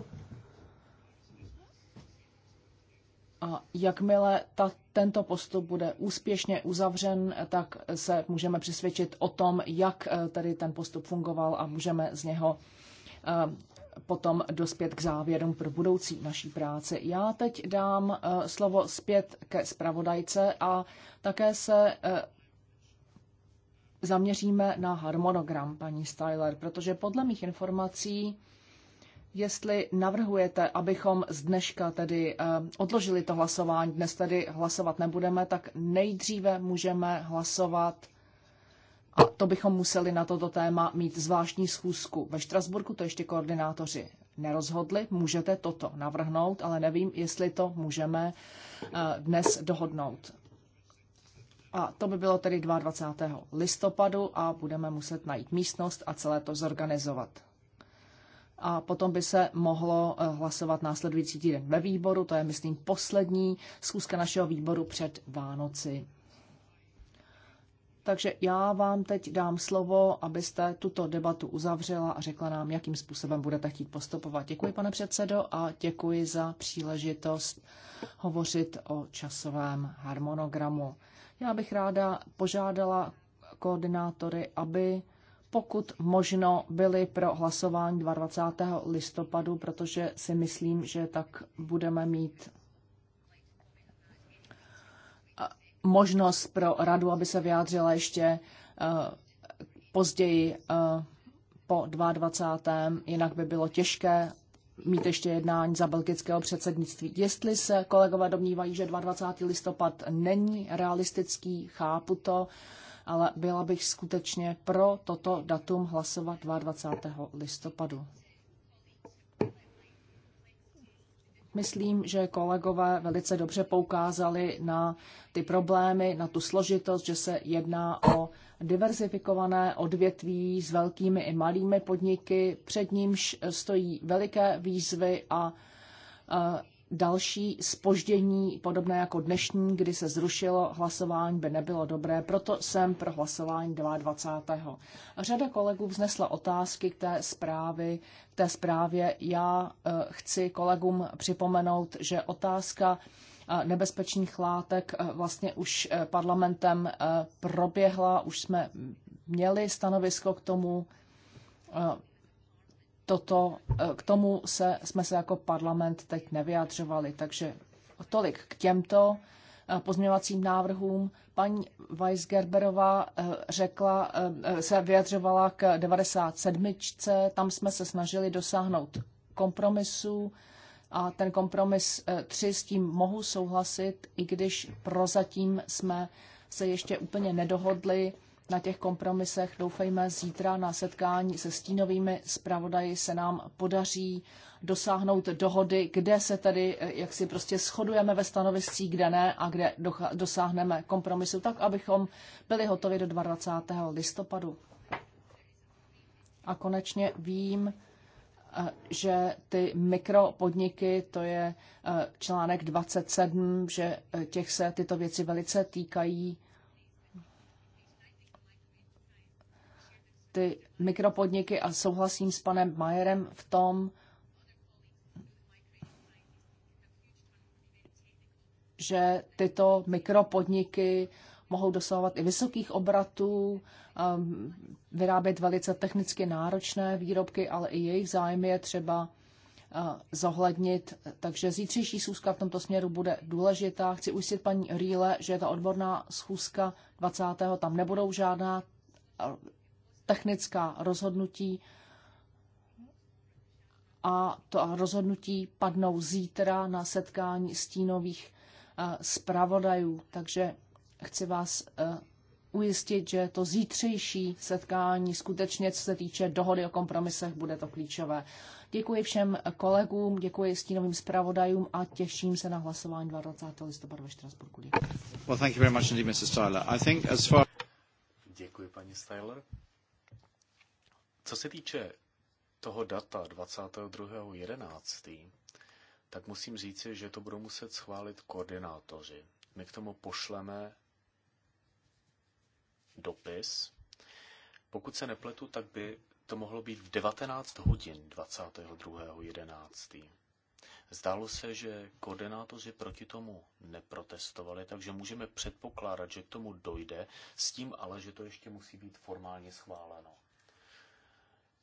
A jakmile ta, tento postup bude úspěšně uzavřen, tak se můžeme přesvědčit o tom, jak eh, tady ten postup fungoval a můžeme z něho eh, potom dospět k závěrům pro budoucí naší práci. Já teď dám eh, slovo zpět ke zpravodajce a také se zaměříme na harmonogram paní Styler, protože podle mých informací jestli navrhujete, abychom z dneška tedy eh, odložili to hlasování, dnes tedy hlasovat nebudeme, tak nejdříve můžeme hlasovat a to bychom museli na toto téma mít zvláštní schůzku. Ve Štrasburku to ještě koordinátoři nerozhodli, můžete toto navrhnout, ale nevím, jestli to můžeme eh, dnes dohodnout. A to by bylo tedy 22. listopadu a budeme muset najít místnost a celé to zorganizovat a potom by se mohlo eh, hlasovat následující týden ve výboru. To je, myslím, poslední schůzka našeho výboru před Vánoci. Takže já vám teď dám slovo, abyste tuto debatu uzavřela a řekla nám, jakým způsobem budete chtít postupovat. Děkuji, pane předsedo, a děkuji za příležitost hovořit o časovém harmonogramu. Já bych ráda požádala koordinátory, aby pokud možno byly pro hlasování 22. listopadu, protože si myslím, že tak budeme mít eh, možnost pro radu, aby se vyjádřila ještě eh, později eh, po 22. Jinak by bylo těžké mít ještě jednání za belgického předsednictví. Jestli se kolegové domnívají, že 22. listopad není realistický, chápu to ale byla bych skutečně pro toto datum hlasovat 22. listopadu. Myslím, že kolegové velice dobře poukázali na ty problémy, na tu složitost, že se jedná o diverzifikované odvětví s velkými i malými podniky, před nímž stojí veliké výzvy a další spoždění, podobné jako dnešní, kdy se zrušilo hlasování, by nebylo dobré, proto jsem pro hlasování 22. Řada kolegů vznesla otázky k té zprávy, k té zprávě. Já eh, chci kolegům připomenout, že otázka eh, nebezpečných látek eh, vlastně už parlamentem proběhla, už jsme měli stanovisko k tomu, toto, e, k tomu se, jsme se jako parlament teď nevyjadřovali. Takže tolik k těmto e, pozměňovacím návrhům. Paní Weisgerberová e, řekla, se vyjadřovala k 97. Tam jsme se snažili dosáhnout kompromisu a ten kompromis 3 s tím mohu souhlasit, i když prozatím jsme se ještě úplně nedohodli na těch kompromisech. Doufejme, zítra na setkání se stínovými zpravodaji se nám podaří dosáhnout dohody, kde se tedy, eh, jak si prostě shodujeme ve stanovisci, kde ne a kde dosáhneme kompromisu, tak abychom byli hotovi do 22. listopadu. A konečně vím, eh, že ty mikropodniky, to je eh, článek 27, že těch se tyto věci velice týkají ty mikropodniky a souhlasím s panem Majerem v tom, že tyto mikropodniky mohou dosahovat i vysokých obratů, um, vyrábět velice technicky náročné výrobky, ale i jejich zájmy je třeba uh, zohlednit. Takže zítřejší schůzka v tomto směru bude důležitá. Chci ujistit paní Rýle, že ta odborná schůzka 20. tam nebudou žádná uh, technická rozhodnutí a to rozhodnutí padnou zítra na setkání stínových eh, zpravodajů. Takže chci vás eh, ujistit, že to zítřejší setkání skutečně, co se týče dohody o kompromisech, bude to klíčové. Děkuji všem kolegům, děkuji stínovým zpravodajům a těším se na hlasování 22. listopadu ve Štrasburku. Děkuji. Děkuji, paní Styler. Co se týče toho data 22.11., tak musím říci, že to budou muset schválit koordinátoři. My k tomu pošleme dopis. Pokud se nepletu, tak by to mohlo být v 19 hodin 22.11. Zdálo se, že koordinátoři proti tomu neprotestovali, takže můžeme předpokládat, že k tomu dojde, s tím ale, že to ještě musí být formálně schváleno.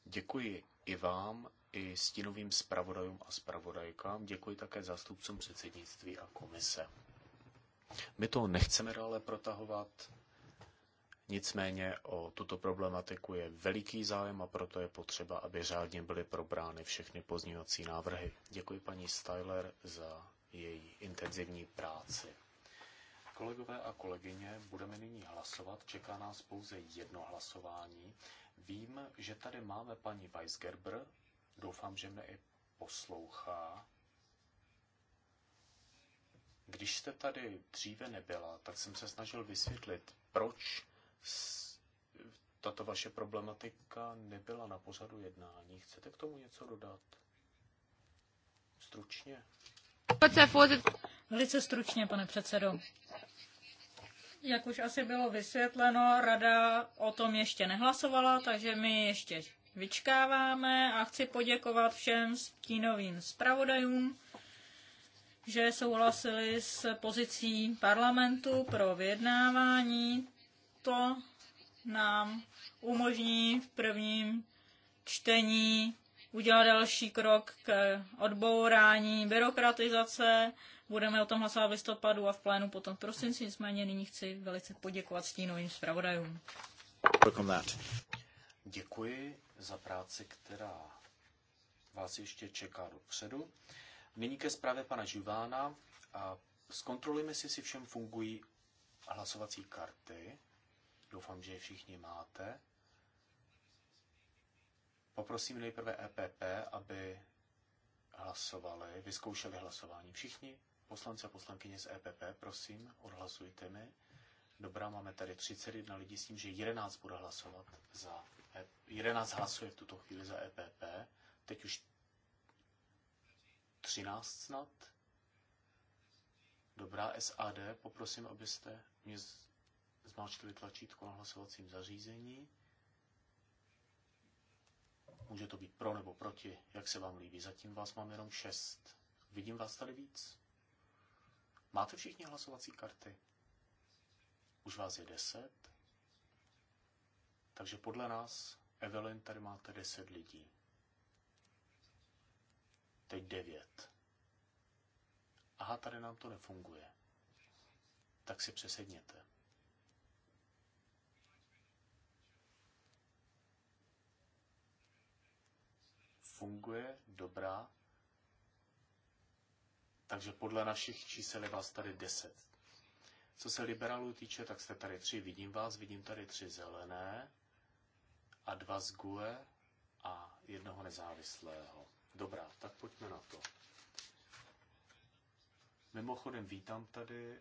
Děkuji i vám, i stínovým zpravodajům a zpravodajkám. Děkuji také zástupcům předsednictví a komise. My to nechceme dále protahovat, nicméně o tuto problematiku je veliký zájem a proto je potřeba, aby řádně byly probrány všechny pozdňovací návrhy. Děkuji paní Styler za její intenzivní práci. Kolegové a kolegyně, budeme nyní hlasovat. Čeká nás pouze jedno hlasování Vím, že tady máme paní Weisgerber, doufám, že mě i poslouchá. Když jste tady dříve nebyla, tak jsem se snažil vysvětlit, proč tato vaše problematika nebyla na pořadu jednání. Chcete k tomu něco dodat? Stručně. Velice stručně, pane předsedo. Jak už asi bylo vysvětleno, rada o tom ještě nehlasovala, takže my ještě vyčkáváme a chci poděkovat všem stínovým zpravodajům, že souhlasili s pozicí parlamentu pro vyjednávání. To nám umožní v prvním čtení udělat další krok k odbourání byrokratizace Budeme o tom hlasovat v listopadu a v plénu potom v prosinci, nicméně nyní chci velice poděkovat stínovým zpravodajům. Děkuji za práci, která vás ještě čeká dopředu. Nyní ke zprávě pana Živána. A zkontrolujeme, jestli si všem fungují hlasovací karty. Doufám, že je všichni máte. Poprosím nejprve EPP, aby hlasovali, vyzkoušeli hlasování. Všichni Poslanci a poslankyně z EPP, prosím, odhlasujte mi. Dobrá, máme tady 31 lidí s tím, že 11 bude hlasovat za... 11 e hlasuje v tuto chvíli za EPP. Teď už 13 snad. Dobrá, SAD, poprosím, abyste mě zmáčkli tlačítko na hlasovacím zařízení. Může to být pro nebo proti, jak se vám líbí. Zatím vás mám jenom šest. Vidím vás tady víc? Máte všichni hlasovací karty? Už vás je deset? Takže podle nás, Evelyn, tady máte deset lidí. Teď devět. Aha, tady nám to nefunguje. Tak si přesedněte. Funguje? Dobrá. Takže podle našich čísel je vás tady 10. Co se liberálů týče, tak jste tady tři. Vidím vás, vidím tady tři zelené a dva z GUE a jednoho nezávislého. Dobrá, tak pojďme na to. Mimochodem vítám tady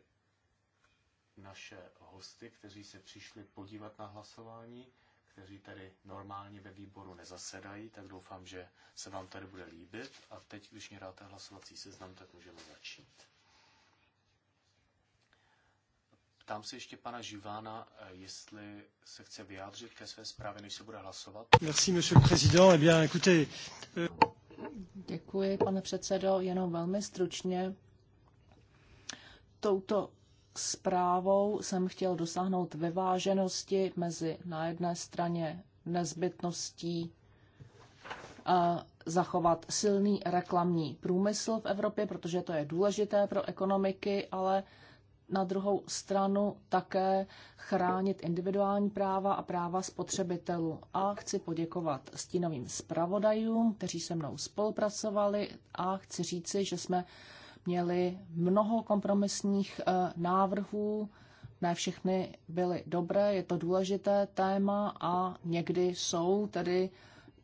naše hosty, kteří se přišli podívat na hlasování kteří tady normálně ve výboru nezasedají, tak doufám, že se vám tady bude líbit. A teď, když mě dáte hlasovací seznam, tak můžeme začít. Ptám se ještě pana Živána, eh, jestli se chce vyjádřit ke své zprávě, než se bude hlasovat. Merci, monsieur le président. Eh bien, écoutez... Euh, Děkuji, pane předsedo, jenom velmi stručně touto zprávou jsem chtěl dosáhnout vyváženosti mezi na jedné straně nezbytností eh, zachovat silný reklamní průmysl v Evropě, protože to je důležité pro ekonomiky, ale na druhou stranu také chránit individuální práva a práva spotřebitelů. A chci poděkovat stínovým zpravodajům, kteří se mnou spolupracovali a chci říci, že jsme měli mnoho kompromisních eh, návrhů, ne všechny byly dobré, je to důležité téma a někdy jsou tedy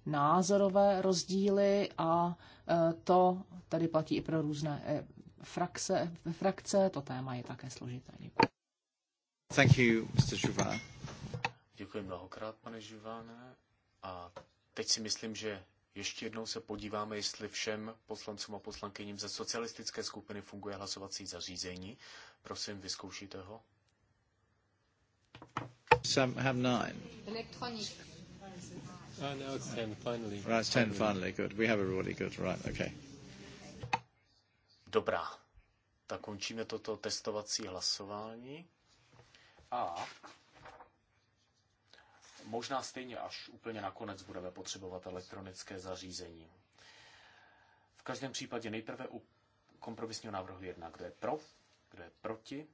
názorové rozdíly a eh, to tedy platí i pro různé eh, frakce. frakce. To téma je také složité. Thank you, Mr. Děkuji mnohokrát, pane Živáne. A teď si myslím, že ještě jednou se podíváme, jestli všem poslancům a poslankyním ze socialistické skupiny funguje hlasovací zařízení. Prosím, vyzkoušíte ho. Some have nine. Electronic. Oh, ah, now it's ten, finally. Right, it's ten, finally. Good. We have a really good. Right, okay. Dobrá. Tak končíme toto testovací hlasování. A Možná stejně až úplně nakonec budeme potřebovat elektronické zařízení. V každém případě nejprve u kompromisního návrhu jedna, Kdo je pro? Kdo je proti?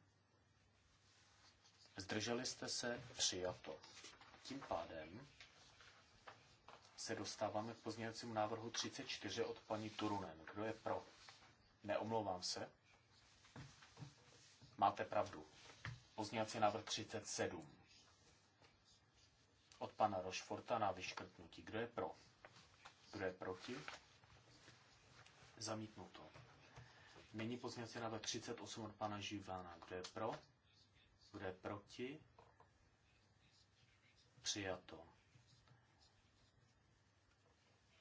Zdrželi jste se? Přijato. Tím pádem se dostáváme k pozměňovacímu návrhu 34 od paní Turunen. Kdo je pro? Neomlouvám se. Máte pravdu. Pozměňovací návrh 37 od pana Rošforta na vyškrtnutí. Kdo je pro? Kdo je proti? Zamítnuto. Nyní pozměňovací návrh 38 od pana Živána. Kdo je pro? Kdo je proti? Přijato.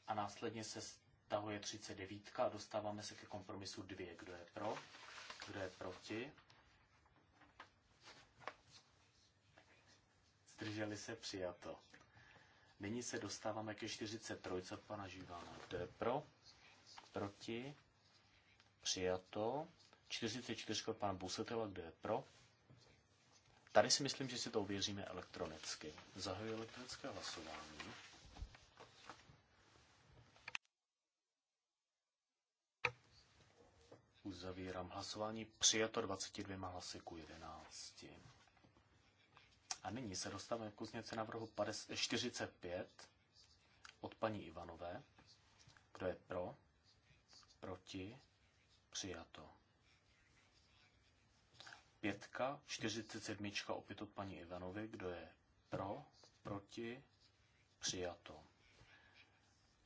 A následně se stahuje 39 a dostáváme se ke kompromisu 2. Kdo je pro? Kdo je proti? zdrželi se přijato. Nyní se dostáváme ke 43 od pana Živána. Kdo je pro? Proti? Přijato. 44 od pana Busetela. Kdo je pro? Tady si myslím, že si to uvěříme elektronicky. Zahajuji elektronické hlasování. Uzavírám hlasování. Přijato 22 hlasy ku 11. A nyní se dostáváme k kuzněci návrhu 45 od paní Ivanové. Kdo je pro? Proti? Přijato. Pětka, 47. opět od paní Ivanovy. Kdo je pro? Proti? Přijato.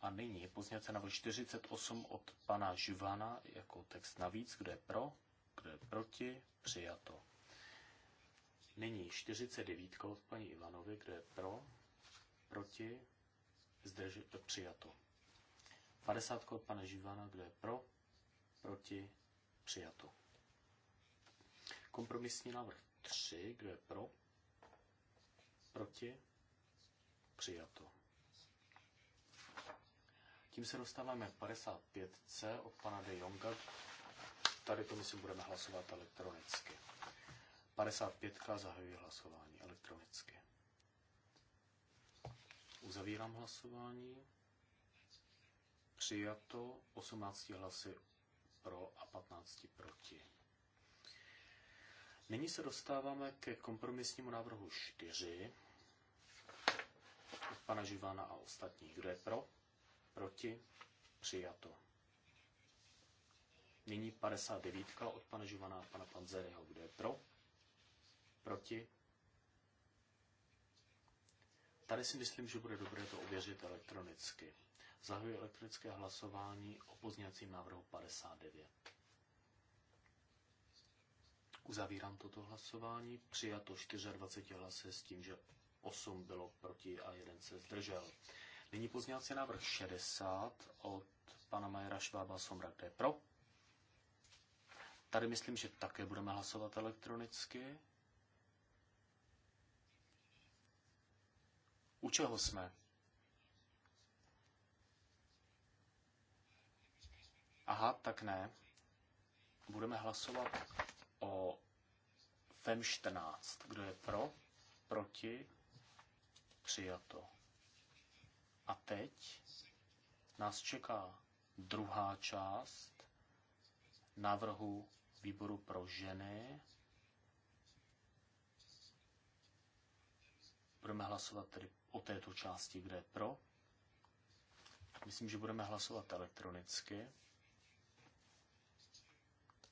A nyní pozněce na 48 od pana Živana jako text navíc. Kdo je pro? Kdo je proti? Přijato. Nyní 49 od paní Ivanovy, kde je pro, proti, zdrži, přijato. 50 od pana Živana, kde je pro, proti, přijato. Kompromisní návrh 3, kdo je pro, proti, přijato. Tím se dostáváme k 55C od pana De Jonga. Tady to myslím budeme hlasovat elektronicky. 55. Zahajuji hlasování elektronicky. Uzavírám hlasování. Přijato 18 hlasy pro a 15 proti. Nyní se dostáváme ke kompromisnímu návrhu 4 od pana Živána a ostatních. Kdo je pro? Proti? Přijato. Nyní 59 od pana Živana a pana Panzeryho. Kdo je pro? Proti? Tady si myslím, že bude dobré to ověřit elektronicky. Zahajuji elektronické hlasování o pozněcím návrhu 59. Uzavírám toto hlasování. Přijato 24 hlasy s tím, že 8 bylo proti a jeden se zdržel. Nyní pozněcí návrh 60 od pana Majera Švába Somra, pro. Tady myslím, že také budeme hlasovat elektronicky. U čeho jsme? Aha, tak ne. Budeme hlasovat o FEM 14. Kdo je pro? Proti? Přijato. A teď nás čeká druhá část návrhu výboru pro ženy. Budeme hlasovat tedy o této části, kde je pro. Myslím, že budeme hlasovat elektronicky.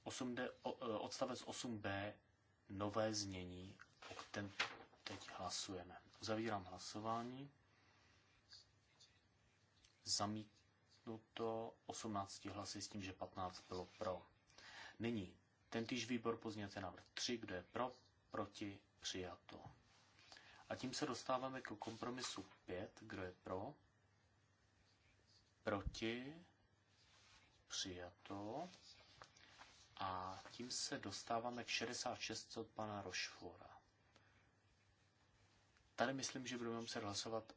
8D, e, odstavec 8b, nové znění, o kterém teď hlasujeme. Zavírám hlasování. Zamítnuto 18 hlasy s tím, že 15 bylo pro. Nyní tentýž výbor pozněte návrh 3, kdo je pro, proti, přijato. A tím se dostáváme k kompromisu 5. Kdo je pro? Proti? Přijato. A tím se dostáváme k 66 od pana Rošfora. Tady myslím, že budeme muset hlasovat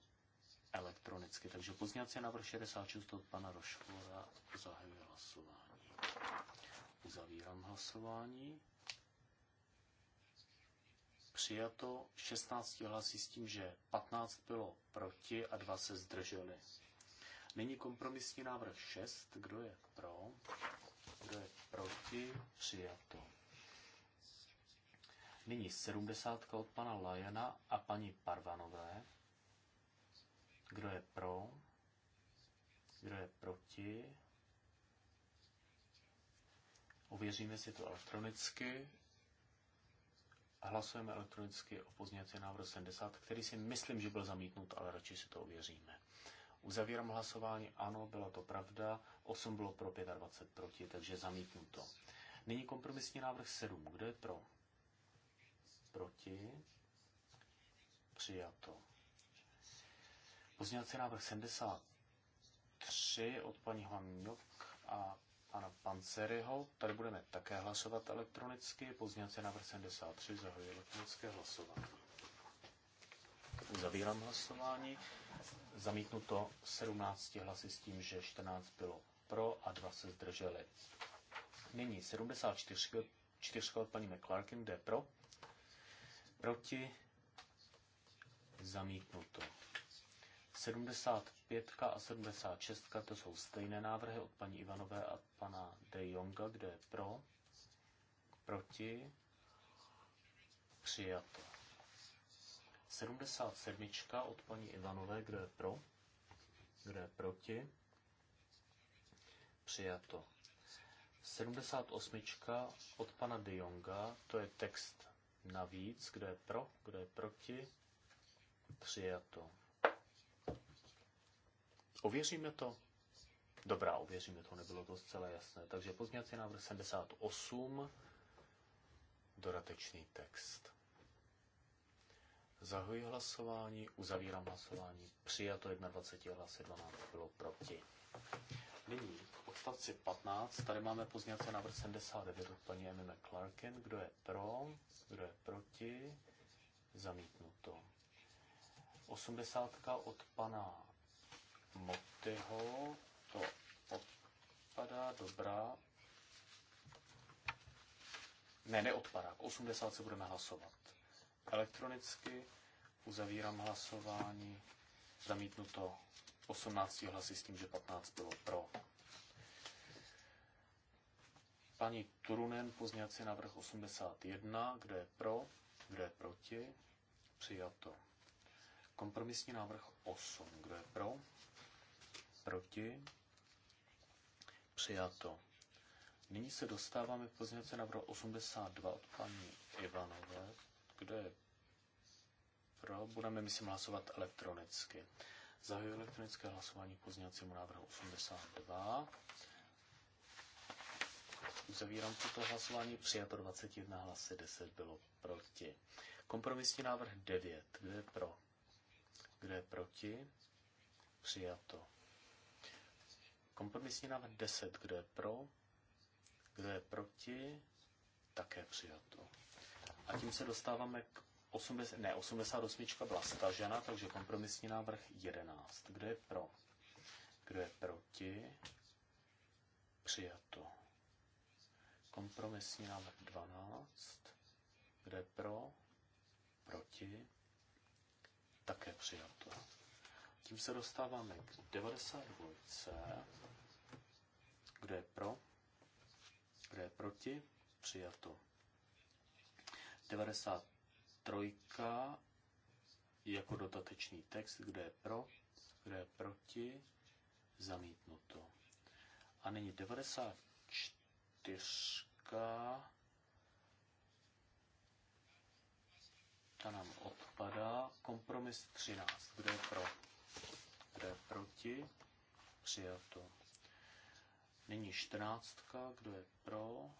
elektronicky, takže pozdňací návrh 66 od pana Rošfora zahajuje hlasování. Uzavírám hlasování přijato, 16 hlasy s tím, že 15 bylo proti a 2 se zdrželi. Nyní kompromisní návrh 6. Kdo je pro? Kdo je proti? Přijato. Nyní 70 od pana Lajena a paní Parvanové. Kdo je pro? Kdo je proti? Ověříme si to elektronicky. Hlasujeme elektronicky o pozměňovací návrh 70, který si myslím, že byl zamítnut, ale radši si to ověříme. Uzavírám hlasování. Ano, byla to pravda. 8 bylo pro, 25 proti, takže zamítnuto. Nyní kompromisní návrh 7. Kdo je pro? Proti? Přijato. Pozměňovací návrh 73 od paní Hlamňok a pana Panceryho. Tady budeme také hlasovat elektronicky. Pozněcí návrh 73 zahajuje elektronické hlasování. Zavírám hlasování. Zamítnuto 17 hlasy s tím, že 14 bylo pro a 2 se zdrželi. Nyní 74 od paní McClarkin jde pro. Proti zamítnuto. 75 a 76 to jsou stejné návrhy od paní Ivanové a pana De Jonga, kde je pro, proti, přijato. 77 od paní Ivanové, kde je pro, kde je proti, přijato. 78 od pana De Jonga, to je text navíc, kde je pro, kde je proti, přijato. Ověříme to? Dobrá, ověříme to, nebylo to zcela jasné. Takže pozměňovací návrh 78, dodatečný text. Zahuji hlasování, uzavírám hlasování, přijato 21 hlasy, 12 bylo proti. Nyní k odstavci 15, tady máme pozněvací návrh 79 od paní Emmy McClarkin. Kdo je pro, kdo je proti, zamítnuto. 80 od pana Motyho, to odpadá, dobrá. Ne, neodpadá, k 80 se budeme hlasovat. Elektronicky uzavírám hlasování, zamítnuto 18 hlasy s tím, že 15 bylo pro. Paní Turunen, pozněcí návrh 81, kdo je pro, kdo je proti, přijato. Kompromisní návrh 8, kdo je pro, proti, přijato. Nyní se dostáváme k pozměnce na 82 od paní Ivanové. Kdo je pro? Budeme, myslím, hlasovat elektronicky. Zahajuji elektronické hlasování k pozměňovacímu návrhu 82. Uzavírám toto hlasování. Přijato 21 hlasy, 10 bylo proti. Kompromisní návrh 9. Kdo je pro? Kdo je proti? Přijato. Kompromisní návrh 10. Kdo je pro? Kdo je proti? Také přijato. A tím se dostáváme k 80, ne, 88 byla stažena, takže kompromisní návrh 11. Kdo je pro? Kdo je proti? Přijato. Kompromisní návrh 12. Kdo je pro? Proti? Také přijato. Tím se dostáváme k 92. Kdo je pro? Kdo je proti? Přijato. 93 jako dodatečný text. Kdo je pro? Kdo je proti? Zamítnuto. A nyní 94 ta nám odpadá. Kompromis 13. Kdo je pro? Kdo je proti? Přijato. Není čtrnáctka, kdo je pro?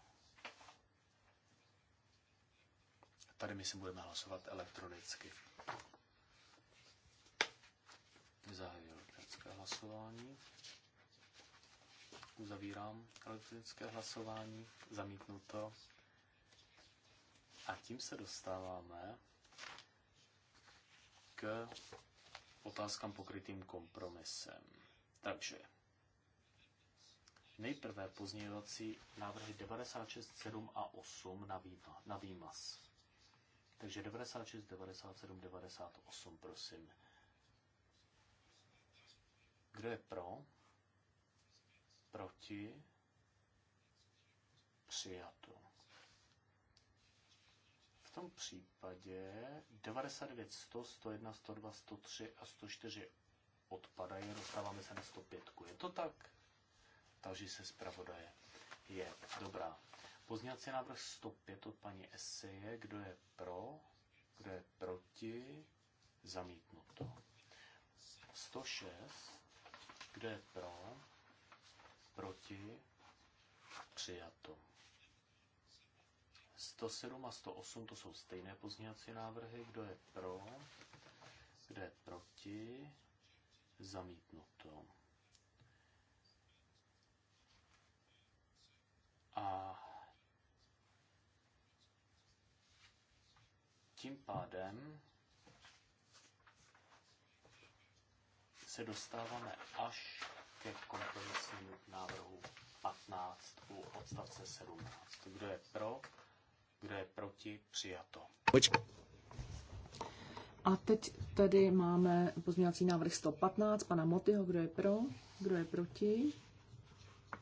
Tady my si budeme hlasovat elektronicky. Zahajuji elektronické hlasování. Uzavírám elektronické hlasování. Zamítnuto. A tím se dostáváme k otázkám pokrytým kompromisem. Takže Nejprve pozměňovací návrhy 96, 7 a 8 na, výma, na výmaz. Takže 96, 97, 98, prosím. Kdo je pro? Proti? Přijato. V tom případě 99, 100, 101, 102, 103 a 104 odpadají, dostáváme se na 105. Je to tak? Taží se zpravodaje. Je. Dobrá. Pozněvací návrh 105 od paní Eseje. Kdo je pro? Kdo je proti? Zamítnuto. 106. Kdo je pro? Proti? Přijato. 107 a 108 to jsou stejné pozněvací návrhy. Kdo je pro? Kdo je proti? Zamítnuto. A tím pádem se dostáváme až ke kompromisnímu návrhu 15 u odstavce 17. Kdo je pro, kdo je proti, přijato. A teď tady máme pozměňovací návrh 115 pana Motyho, kdo je pro, kdo je proti,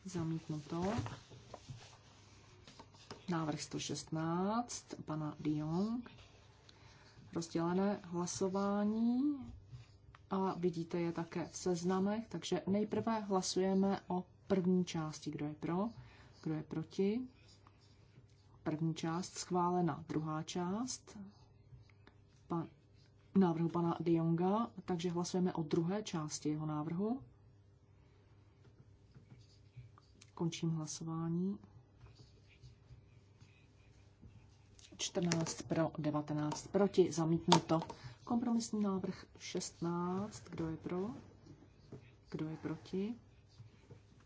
zamítnuto. to. Návrh 116 pana Diong. Rozdělené hlasování a vidíte je také v seznamech, takže nejprve hlasujeme o první části, kdo je pro, kdo je proti. První část schválena, druhá část pan, návrhu pana Dionga, takže hlasujeme o druhé části jeho návrhu. Končím hlasování. 14 pro, 19 proti, zamítnuto. Kompromisní návrh 16, kdo je pro, kdo je proti,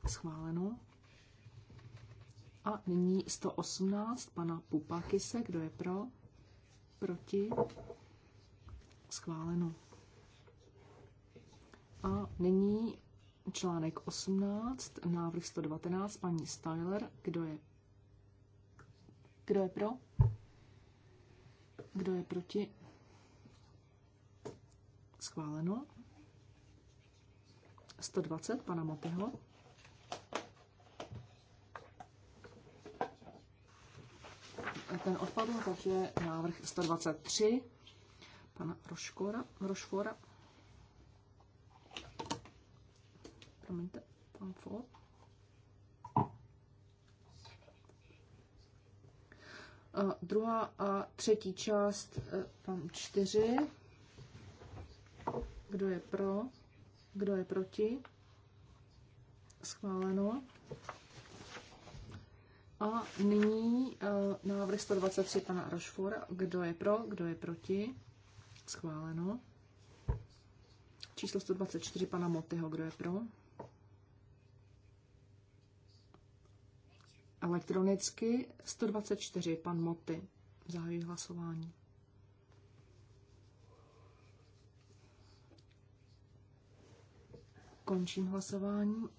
schváleno. A nyní 118 pana Pupakise, kdo je pro, proti, schváleno. A nyní článek 18, návrh 119, paní Styler, kdo je, kdo je pro? Kdo je proti? Schváleno. 120 pana Motyho. Ten odpadl, takže návrh 123 pana Roškora, Rošfora. Promiňte, pan Ford. A druhá a třetí část, e, tam čtyři. Kdo je pro? Kdo je proti? Schváleno. A nyní e, návrh 123 pana Rošfor. Kdo je pro? Kdo je proti? Schváleno. Číslo 124 pana Motyho. Kdo je pro? elektronicky. 124, pan Moty. Zahajuji hlasování. Končím hlasování.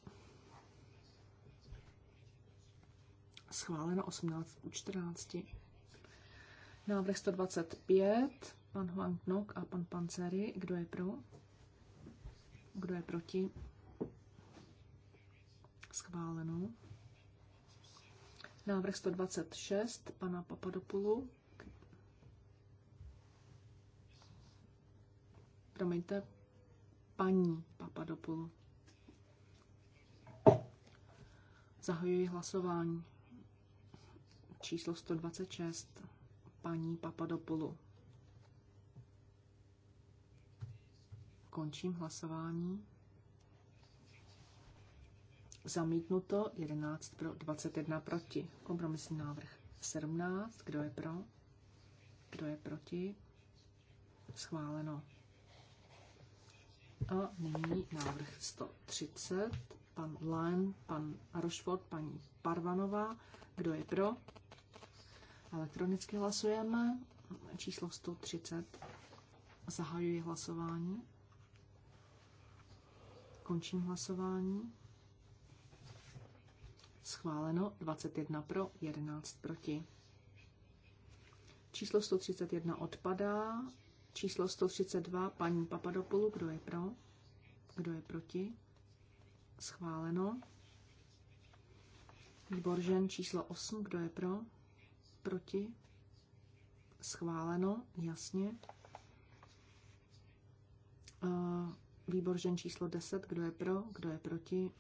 Schváleno 18 u 14. Návrh 125, pan Huang Nok a pan Panceri. Kdo je pro? Kdo je proti? Schváleno. Návrh 126 pana Papadopulu. Promiňte, paní Papadopulu. Zahajuji hlasování. Číslo 126 paní Papadopulu. Končím hlasování. Zamítnuto 11 pro 21 proti. Kompromisní návrh 17. Kdo je pro? Kdo je proti? Schváleno. A nyní návrh 130. Pan Lyon, pan Rošvod, paní Parvanová. Kdo je pro? Elektronicky hlasujeme. Číslo 130. Zahajuji hlasování. Končím hlasování. Schváleno 21 pro, 11 proti. Číslo 131 odpadá. Číslo 132 paní Papadopoulu, kdo je pro, kdo je proti. Schváleno. Výbor žen číslo 8, kdo je pro, proti. Schváleno, jasně. Eh, výbor žen číslo 10, kdo je pro, kdo je proti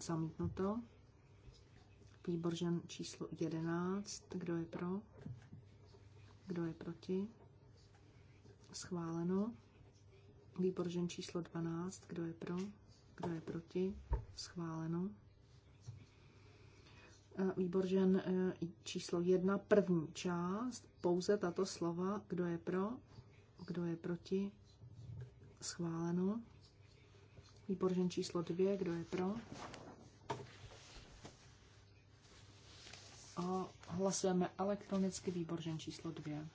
Zamítnuto. Výbor žen číslo 11. Kdo je pro? Kdo je proti? Schváleno. Výbor žen číslo 12. Kdo je pro? Kdo je proti? Schváleno. E, výbor žen e, číslo 1. První část. Pouze tato slova. Kdo je pro? Kdo je proti? Schváleno. Výbor žen číslo 2. Kdo je pro? A hlasujeme elektronicky výbor žen číslo 2.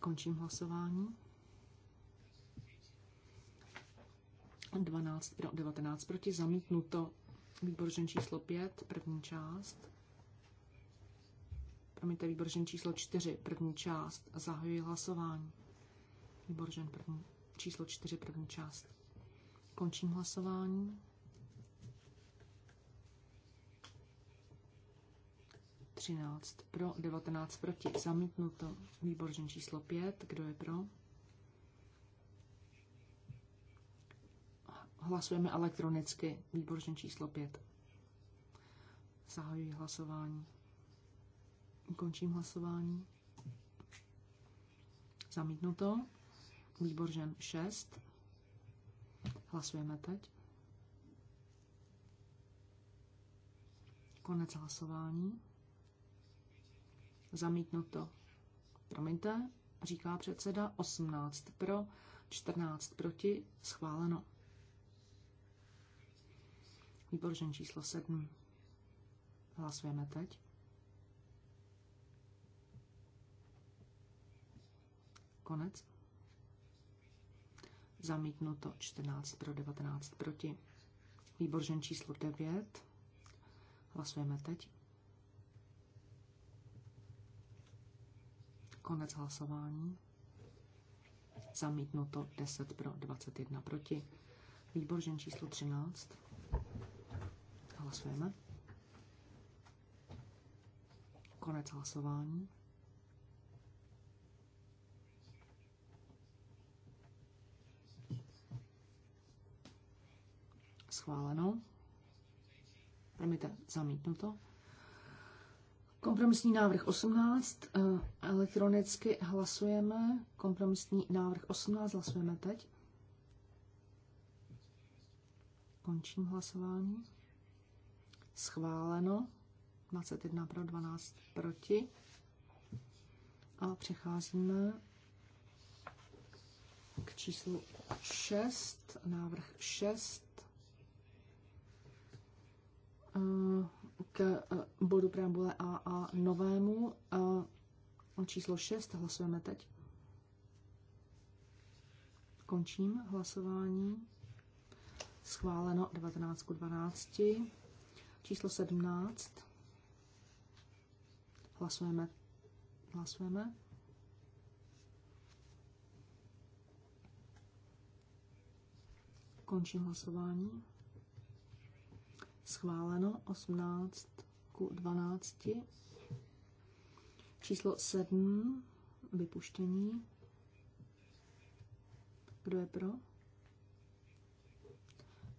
Končím hlasování. 12 pro 19 proti zamítnuto výbor žen číslo 5, první část. Promiňte, výbor žen číslo 4, první část. Zahajuji hlasování. Výbor žen první, číslo 4, první část. Končím hlasování. 13 pro, 19 proti. Zamítnuto výboržen číslo 5. Kdo je pro? Hlasujeme elektronicky. Výboržen číslo 5. Zahajuji hlasování. Ukončím hlasování. Zamítnuto. Výboržen 6. Hlasujeme teď. Konec hlasování. Zamítnuto. Promiňte, říká předseda, 18 pro, 14 proti, schváleno. Výbor žen číslo 7. Hlasujeme teď. Konec. Zamítnuto 14 pro 19 proti. Výbor žen číslo 9. Hlasujeme teď. Konec hlasování. Zamítnuto 10 pro 21 proti. Výbor žen číslo 13. Hlasujeme. Konec hlasování. Schváleno. Promiňte, zamítnuto. Kompromisní návrh 18, eh, elektronicky hlasujeme. Kompromisní návrh 18, hlasujeme teď. Končím hlasování. Schváleno. 21 pro 12 proti. A přecházíme k číslu 6, návrh 6 k eh, bodu preambule A a novému eh, číslo 6. Hlasujeme teď. Končím hlasování. Schváleno 19 k 12. Číslo 17. Hlasujeme. Hlasujeme. Končím hlasování. Schváleno 18 ku 12. Číslo 7. Vypuštění. Kdo je pro?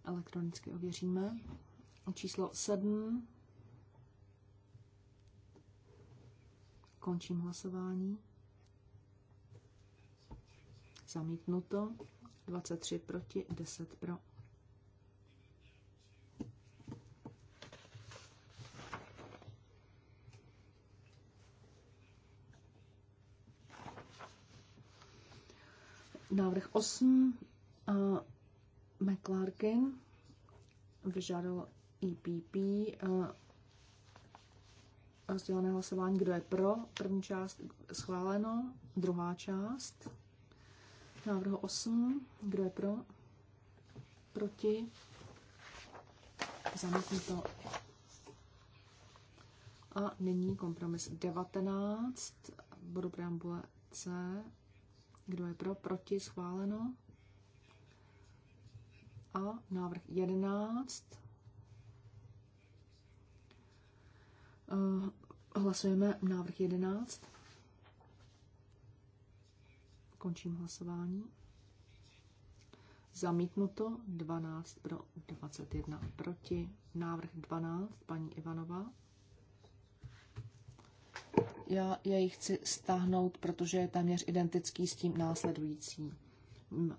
Elektronicky ověříme. Číslo 7. Končím hlasování. Zamítnuto. 23 proti, 10 pro. Návrh 8 uh, eh, McClarkin vyžádal EPP uh, eh, rozdělené hlasování, kdo je pro. První část schváleno, druhá část návrhu 8, kdo je pro, proti, zamítnuto. A nyní kompromis 19, budu preambule C, kdo je pro? Proti? Schváleno. A návrh 11. Uh, eh, Hlasujeme návrh 11. Končím hlasování. Zamítnuto 12 pro 21 proti. Návrh 12, paní Ivanová. Já jej chci stáhnout, protože je téměř identický s tím následujícím. Mm,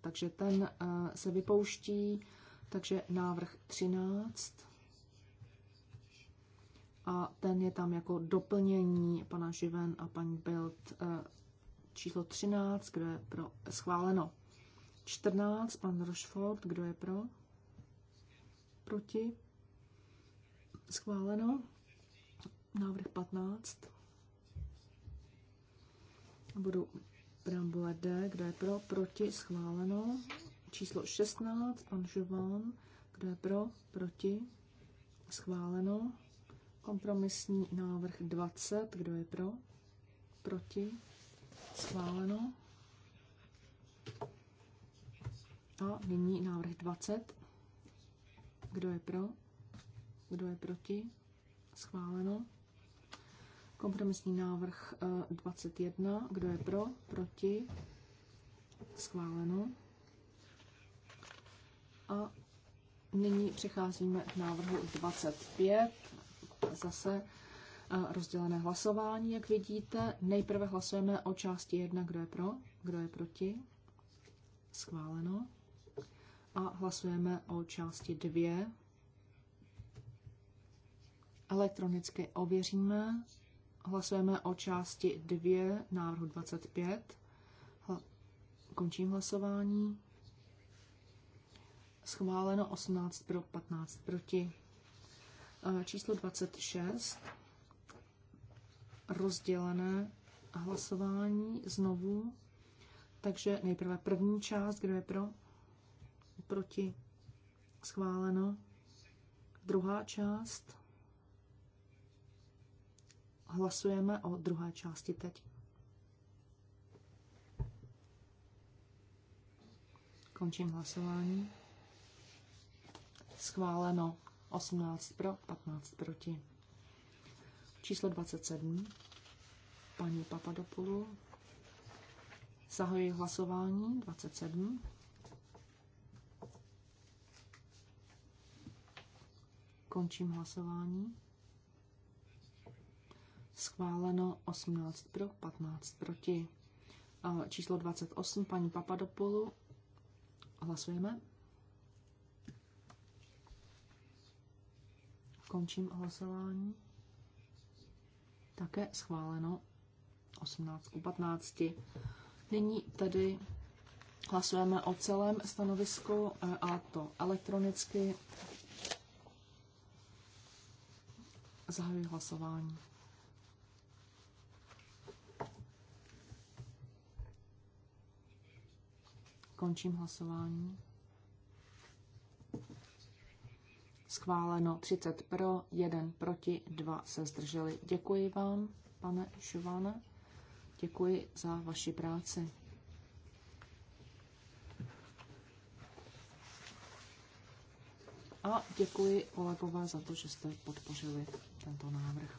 takže ten se vypouští, takže návrh 13. A ten je tam jako doplnění pana Živen a paní Bild číslo 13, kdo je pro schváleno. 14, pan Rochefort, kdo je pro? Proti? Schváleno. Návrh 15. Budu preambule D, kdo je pro, proti, schváleno. Číslo 16, pan Žován, kdo je pro, proti, schváleno. Kompromisní návrh 20, kdo je pro, proti, schváleno. A nyní návrh 20. Kdo je pro? Kdo je proti? Schváleno. Kompromisní návrh 21. Eh, Kdo je pro? Proti? Schváleno. A nyní přecházíme k návrhu 25. Zase eh, rozdělené hlasování, jak vidíte. Nejprve hlasujeme o části 1. Kdo je pro? Kdo je proti? Schváleno. A hlasujeme o části 2. Elektronicky ověříme Hlasujeme o části 2 návrhu 25. Hla- končím hlasování. Schváleno 18 pro 15 proti. E, číslo 26. Rozdělené hlasování znovu. Takže nejprve první část, kdo je pro, proti, schváleno. Druhá část, Hlasujeme o druhé části teď. Končím hlasování. Schváleno 18 pro, 15 proti. Číslo 27. Paní Papadopoulou. Zahajuji hlasování 27. Končím hlasování. Schváleno 18 pro, 15 proti. Číslo 28, paní Papadopoulu. Hlasujeme. Končím hlasování. Také schváleno 18 ku 15. Nyní tedy hlasujeme o celém stanovisku eh, a to elektronicky. Zahajuji hlasování. Končím hlasování. Schváleno 30 pro, 1 proti, 2 se zdrželi. Děkuji vám, pane Šovane. Děkuji za vaši práci. A děkuji kolegové za to, že jste podpořili tento návrh.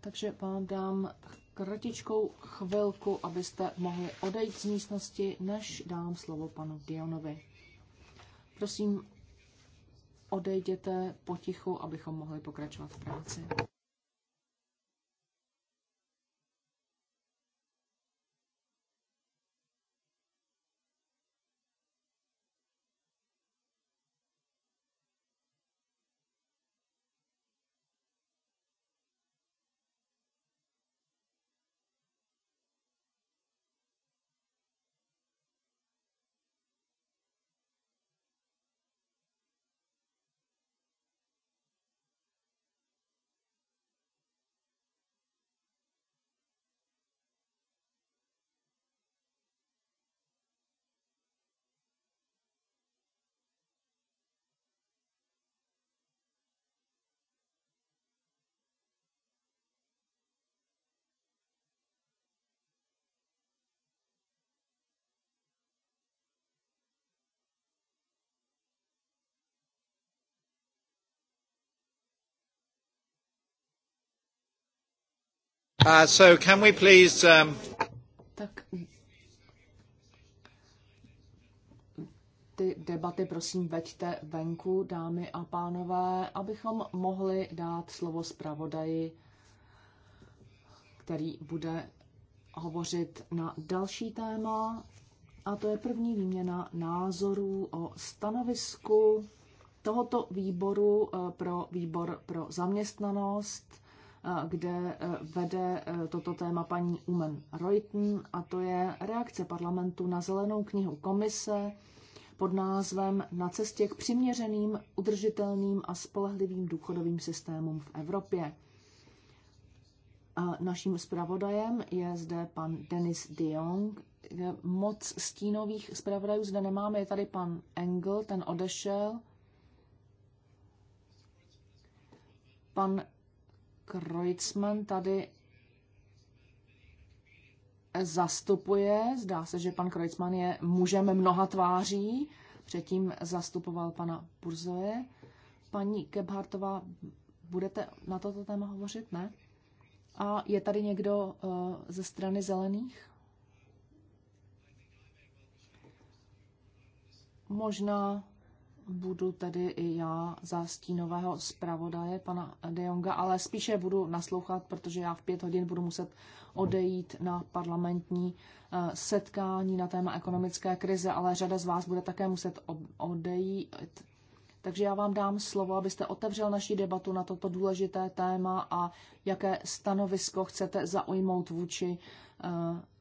Takže vám dám kratičkou chvilku, abyste mohli odejít z místnosti, než dám slovo panu Dionovi. Prosím, odejděte potichu, abychom mohli pokračovat v práci. Uh, so can we please... Um... Tak ty debaty prosím veďte venku, dámy a pánové, abychom mohli dát slovo zpravodaji, který bude hovořit na další téma, a to je první výměna názorů o stanovisku tohoto výboru eh, pro výbor pro zaměstnanost kde e, vede e, toto téma paní Umen Reutten a to je reakce parlamentu na zelenou knihu komise pod názvem Na cestě k přiměřeným, udržitelným a spolehlivým důchodovým systémům v Evropě. A naším zpravodajem je zde pan Denis Diong. Moc stínových zpravodajů zde nemáme. Je tady pan Engel, ten odešel. Pan Kreutzmann tady zastupuje, zdá se, že pan Kreutzmann je mužem mnoha tváří, předtím zastupoval pana Burzoje. Paní Kebhartová, budete na toto téma hovořit, ne? A je tady někdo uh, ze strany zelených? Možná budu tady i já za stínového zpravodaje pana De Jonga, ale spíše budu naslouchat, protože já v pět hodin budu muset odejít na parlamentní eh, setkání na téma ekonomické krize, ale řada z vás bude také muset odejít. Takže já vám dám slovo, abyste otevřel naši debatu na toto důležité téma a jaké stanovisko chcete zaujmout vůči, eh,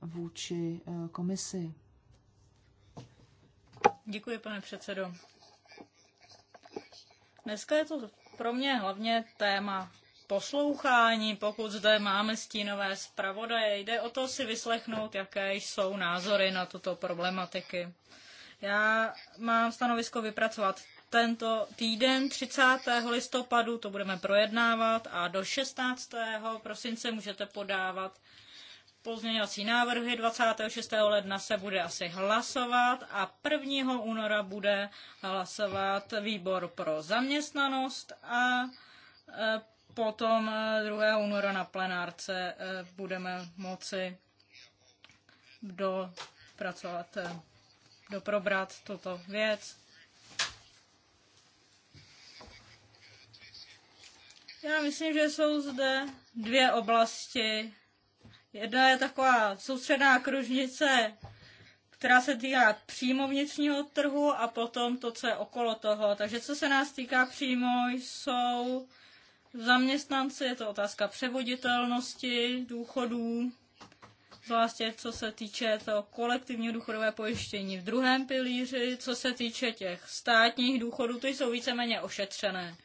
vůči eh, komisi. Děkuji, pane předsedo. Dneska je to pro mě hlavně téma poslouchání, pokud zde máme stínové zpravodaje. Jde o to si vyslechnout, jaké jsou názory na tuto problematiky. Já mám stanovisko vypracovat tento týden 30. listopadu, to budeme projednávat a do 16. prosince můžete podávat pozměňovací návrhy. 26. ledna se bude asi hlasovat a 1. února bude hlasovat výbor pro zaměstnanost a e, potom 2. E, února na plenárce e, budeme moci dopracovat, doprobrat tuto věc. Já myslím, že jsou zde dvě oblasti, Jedna je taková soustředná kružnice, která se týká přímo vnitřního trhu a potom to, co je okolo toho. Takže co se nás týká přímo, jsou zaměstnanci, je to otázka převoditelnosti důchodů, zvláště co se týče toho kolektivního důchodové pojištění v druhém pilíři, co se týče těch státních důchodů, ty jsou víceméně ošetřené.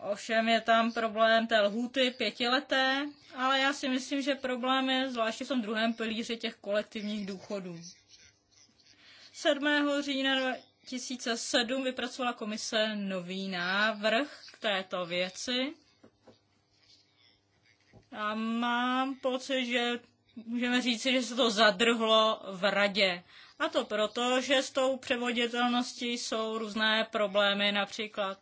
Ovšem je tam problém té lhuty pětileté, ale já si myslím, že problém je zvláště v tom druhém pilíři těch kolektivních důchodů. 7. října 2007 vypracovala komise nový návrh k této věci. A mám pocit, že můžeme říci, že se to zadrhlo v radě. A to proto, že s tou převoditelností jsou různé problémy, například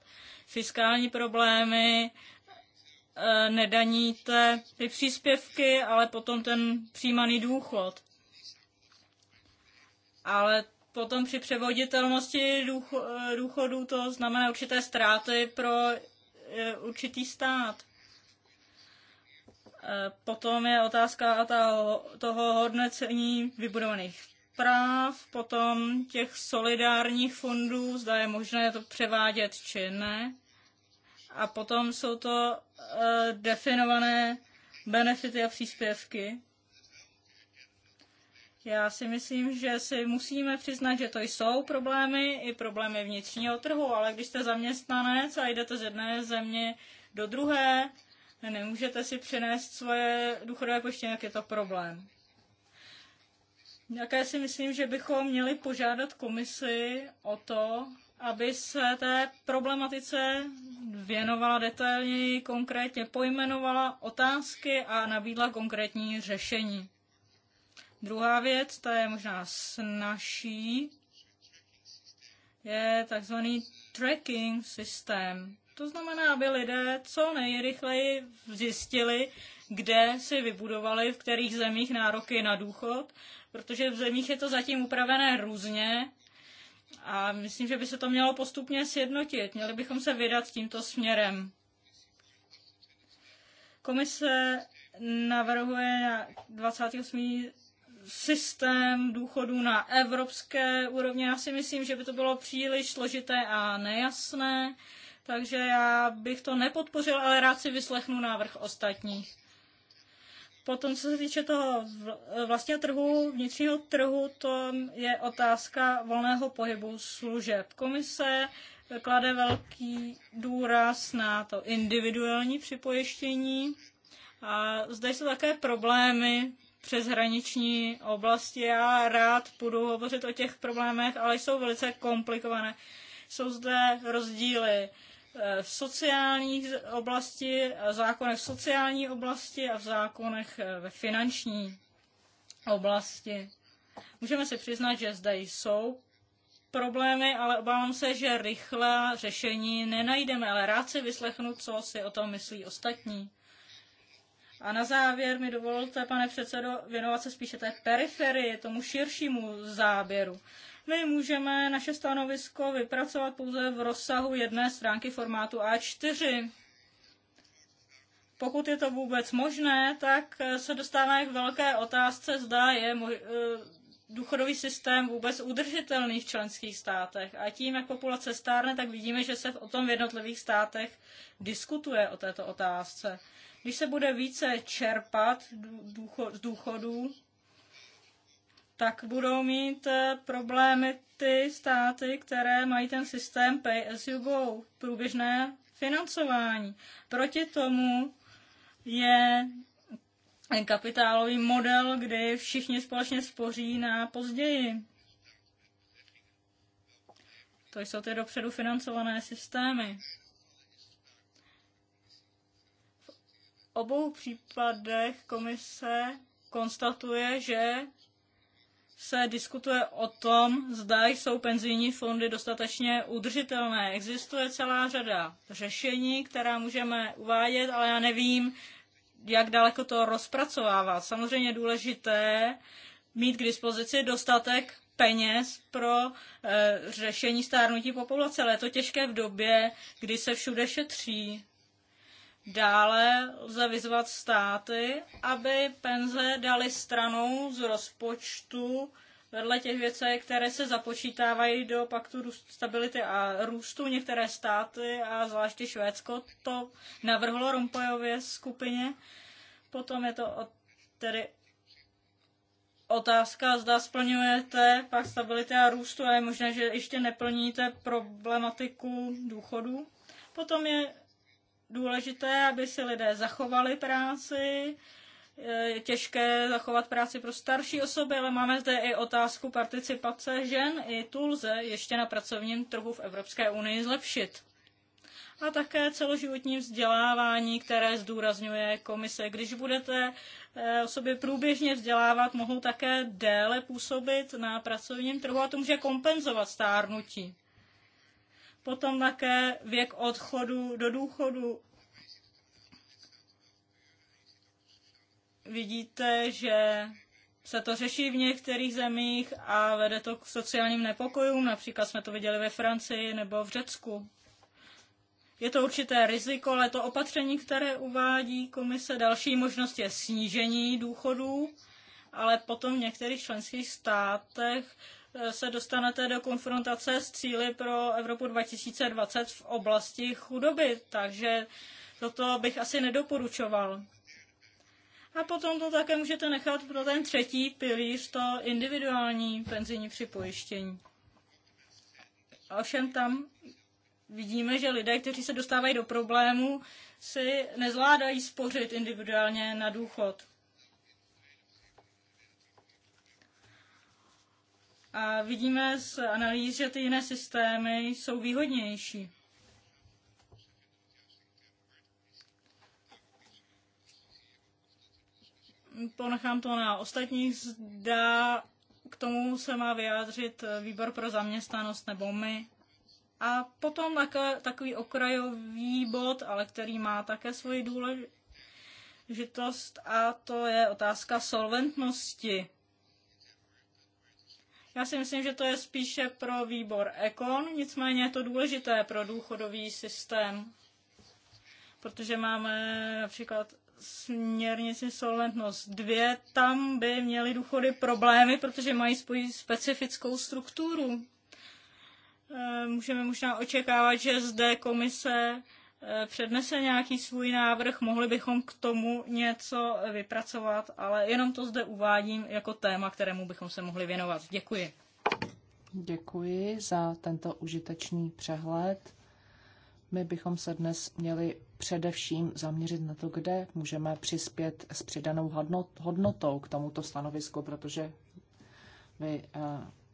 fiskální problémy, eh, nedaníte ty příspěvky, ale potom ten přijímaný důchod. Ale potom při převoditelnosti eh, důchodů to znamená určité ztráty pro eh, určitý stát. Potom je otázka toho hodnocení vybudovaných práv, potom těch solidárních fondů, zda je možné to převádět či ne. A potom jsou to uh, definované benefity a příspěvky. Já si myslím, že si musíme přiznat, že to jsou problémy, i problémy vnitřního trhu, ale když jste zaměstnanec a jdete z jedné země do druhé, nemůžete si přenést svoje důchodové pojištění, jak je to problém. Také si myslím, že bychom měli požádat komisi o to, aby se té problematice věnovala detailněji, konkrétně pojmenovala otázky a nabídla konkrétní řešení. Druhá věc, ta je možná snažší, je takzvaný tracking systém. To znamená, aby lidé co nejrychleji zjistili, kde si vybudovali, v kterých zemích nároky na důchod protože v zemích je to zatím upravené různě a myslím, že by se to mělo postupně sjednotit. Měli bychom se vydat tímto směrem. Komise navrhuje na 28 systém důchodů na evropské úrovni. Já si myslím, že by to bylo příliš složité a nejasné, takže já bych to nepodpořil, ale rád si vyslechnu návrh ostatních. Potom, co se týče toho eh, vlastního trhu, vnitřního trhu, to je otázka volného pohybu služeb. Komise eh, klade velký důraz na to individuální připojištění. A zde jsou také problémy přeshraniční oblasti. Já rád budu hovořit o těch problémech, ale jsou velice komplikované. Jsou zde rozdíly v sociální oblasti, v zákonech v sociální oblasti a v zákonech eh, ve finanční oblasti. Můžeme si přiznat, že zde jsou problémy, ale obávám se, že rychlá řešení nenajdeme, ale rád si vyslechnu, co si o tom myslí ostatní. A na závěr mi dovolte, pane předsedo, věnovat se spíše té periferii, tomu širšímu záběru. My můžeme naše stanovisko vypracovat pouze v rozsahu jedné stránky formátu A4. Pokud je to vůbec možné, tak se dostáváme k velké otázce, zda je eh, důchodový systém vůbec udržitelný v členských státech. A tím, jak populace stárne, tak vidíme, že se o tom v jednotlivých státech diskutuje o této otázce. Když se bude více čerpat z důchodů, tak budou mít eh, problémy ty státy, které mají ten systém pay as you go, průběžné financování. Proti tomu je kapitálový model, kdy všichni společně spoří na později. To jsou ty dopředu financované systémy. V obou případech komise konstatuje, že se diskutuje o tom, zda jsou penzijní fondy dostatečně udržitelné. Existuje celá řada řešení, která můžeme uvádět, ale já nevím, jak daleko to rozpracovávat. Samozřejmě důležité mít k dispozici dostatek peněz pro e, řešení stárnutí populace, ale je to těžké v době, kdy se všude šetří. Dále lze vyzvat státy, aby penze dali stranou z rozpočtu vedle těch věcí, které se započítávají do paktu stability a růstu. Některé státy a zvláště Švédsko to navrhlo Rompojově skupině. Potom je to tedy otázka, zda splňujete pak stability a růstu a je možné, že ještě neplníte problematiku důchodů. Potom je důležité, aby si lidé zachovali práci, je těžké zachovat práci pro starší osoby, ale máme zde i otázku participace žen. I tu lze ještě na pracovním trhu v Evropské unii zlepšit. A také celoživotní vzdělávání, které zdůrazňuje komise. Když budete eh, osoby průběžně vzdělávat, mohou také déle působit na pracovním trhu a to může kompenzovat stárnutí. Potom také věk odchodu do důchodu. Vidíte, že se to řeší v některých zemích a vede to k sociálním nepokojům. Například jsme to viděli ve Francii nebo v Řecku. Je to určité riziko, ale to opatření, které uvádí komise, další možnost je snížení důchodů, ale potom v některých členských státech Eh, se dostanete do konfrontace s cíly pro Evropu 2020 v oblasti chudoby, takže toto bych asi nedoporučoval. A potom to také můžete nechat pro ten třetí pilíř, to individuální penzijní připojištění. Ovšem tam vidíme, že lidé, kteří se dostávají do problému, si nezvládají spořit individuálně na důchod. A vidíme z analýz, že ty jiné systémy jsou výhodnější. Ponechám to na ostatních. Zda k tomu se má vyjádřit výbor pro zaměstnanost nebo my. A potom takový okrajový bod, ale který má také svoji důležitost, a to je otázka solventnosti. Já si myslím, že to je spíše pro výbor Ekon, nicméně je to důležité pro důchodový systém, protože máme například směrnici Solventnost 2, tam by měly důchody problémy, protože mají svoji specifickou strukturu. Eh, můžeme možná očekávat, že zde komise Eh, přednese nějaký svůj návrh, mohli bychom k tomu něco vypracovat, ale jenom to zde uvádím jako téma, kterému bychom se mohli věnovat. Děkuji. Děkuji za tento užitečný přehled. My bychom se dnes měli především zaměřit na to, kde můžeme přispět s přidanou hodnotou k tomuto stanovisku, protože vy eh,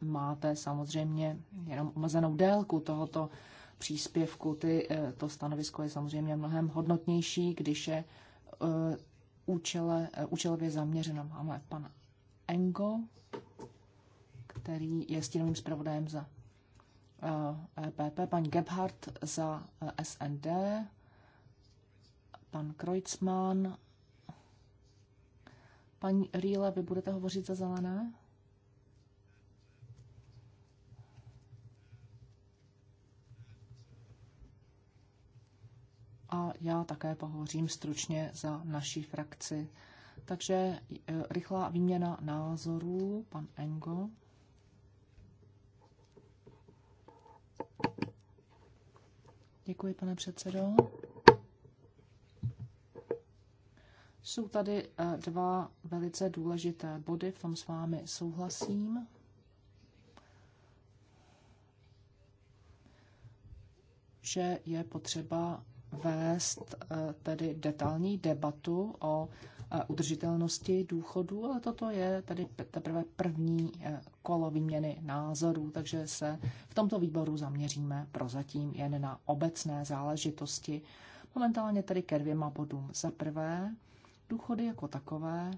máte samozřejmě jenom omezenou délku tohoto příspěvku. Ty, eh, to stanovisko je samozřejmě mnohem hodnotnější, když je eh, účele, eh, účelově zaměřeno. Máme pana Engo, který je stínovým zpravodajem za EPP, e pan Gebhardt za SND, pan Kreutzmann, paní Rýle, vy budete hovořit za zelené? a já také pohovořím stručně za naší frakci. Takže e, rychlá výměna názorů, pan Engo. Děkuji, pane předsedo. Jsou tady e, dva velice důležité body, v tom s vámi souhlasím. že je potřeba vést eh, tedy detailní debatu o eh, udržitelnosti důchodů, ale toto je tedy teprve první eh, kolo výměny názorů, takže se v tomto výboru zaměříme prozatím jen na obecné záležitosti. Momentálně tedy ke dvěma bodům. Za prvé, důchody jako takové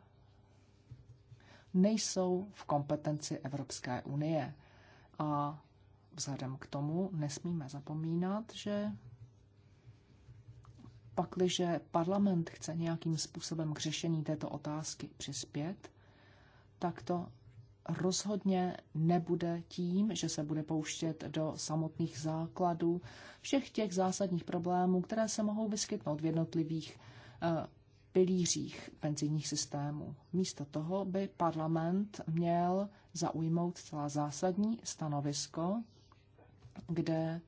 nejsou v kompetenci Evropské unie. A vzhledem k tomu nesmíme zapomínat, že pakliže parlament chce nějakým způsobem k řešení této otázky přispět, tak to rozhodně nebude tím, že se bude pouštět do samotných základů všech těch zásadních problémů, které se mohou vyskytnout v jednotlivých eh, pilířích penzijních systémů. Místo toho by parlament měl zaujmout celá zásadní stanovisko, kde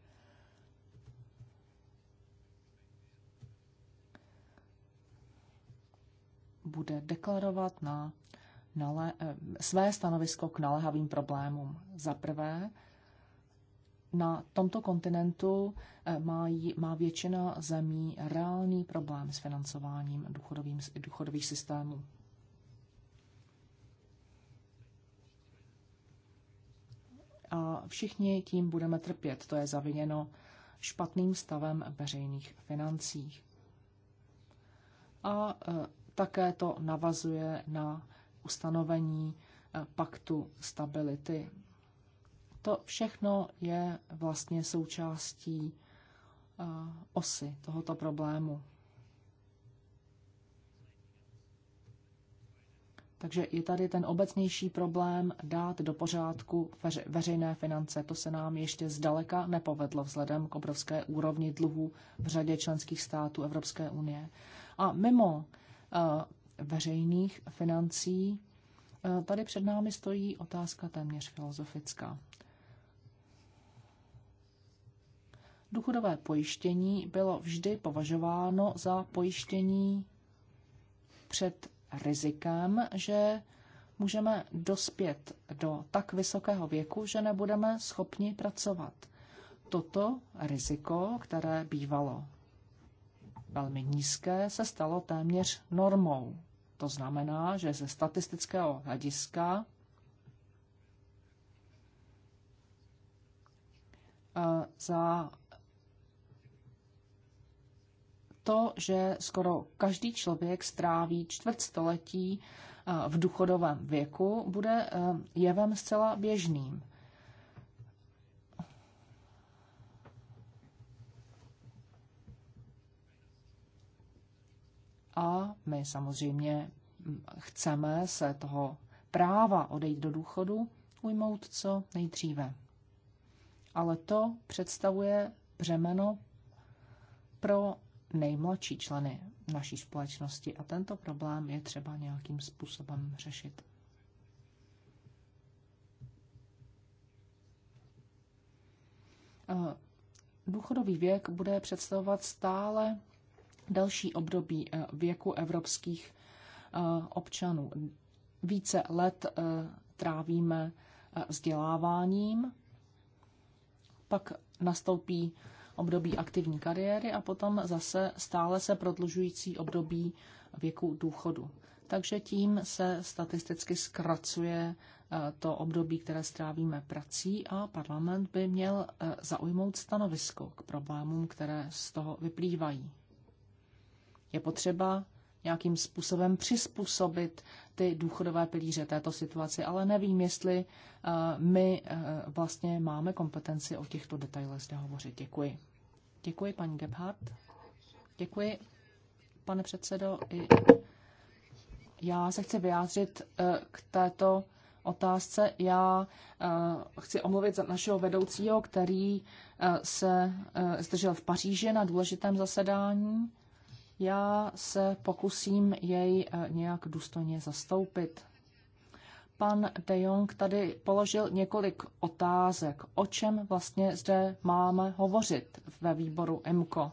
bude deklarovat na nale, eh, své stanovisko k naléhavým problémům. Za prvé, na tomto kontinentu eh, má, má většina zemí reálný problém s financováním důchodovým, důchodových systémů. A všichni tím budeme trpět. To je zaviněno špatným stavem veřejných financí. A eh, také to navazuje na ustanovení eh, paktu stability. To všechno je vlastně součástí eh, osy tohoto problému. Takže je tady ten obecnější problém dát do pořádku veřejné finance. To se nám ještě zdaleka nepovedlo vzhledem k obrovské úrovni dluhu v řadě členských států Evropské unie. A mimo Eh, veřejných financí, eh, tady před námi stojí otázka téměř filozofická. Důchodové pojištění bylo vždy považováno za pojištění před rizikem, že můžeme dospět do tak vysokého věku, že nebudeme schopni pracovat. Toto riziko, které bývalo velmi nízké, se stalo téměř normou. To znamená, že ze statistického hlediska eh, za to, že skoro každý člověk stráví čtvrtstoletí eh, v důchodovém věku, bude eh, jevem zcela běžným. a my samozřejmě mm, chceme se toho práva odejít do důchodu ujmout co nejdříve. Ale to představuje břemeno pro nejmladší členy naší společnosti a tento problém je třeba nějakým způsobem řešit. Eh, důchodový věk bude představovat stále delší období eh, věku evropských eh, občanů. Více let eh, trávíme vzděláváním, pak nastoupí období aktivní kariéry a potom zase stále se prodlužující období věku důchodu. Takže tím se statisticky zkracuje to období, které strávíme prací a parlament by měl zaujmout stanovisko k problémům, které z toho vyplývají. Je potřeba nějakým způsobem přizpůsobit ty důchodové pilíře této situaci, ale nevím, jestli eh, my eh, vlastně máme kompetenci o těchto detailech zde hovořit. Děkuji. Děkuji, paní Gebhardt. Děkuji, pane předsedo. I já se chci vyjádřit eh, k této otázce. Já chci omluvit za našeho vedoucího, který se zdržel v Paříži na důležitém zasedání já se pokusím jej eh, nějak důstojně zastoupit. Pan De Jong tady položil několik otázek. O čem vlastně zde máme hovořit ve výboru MKO?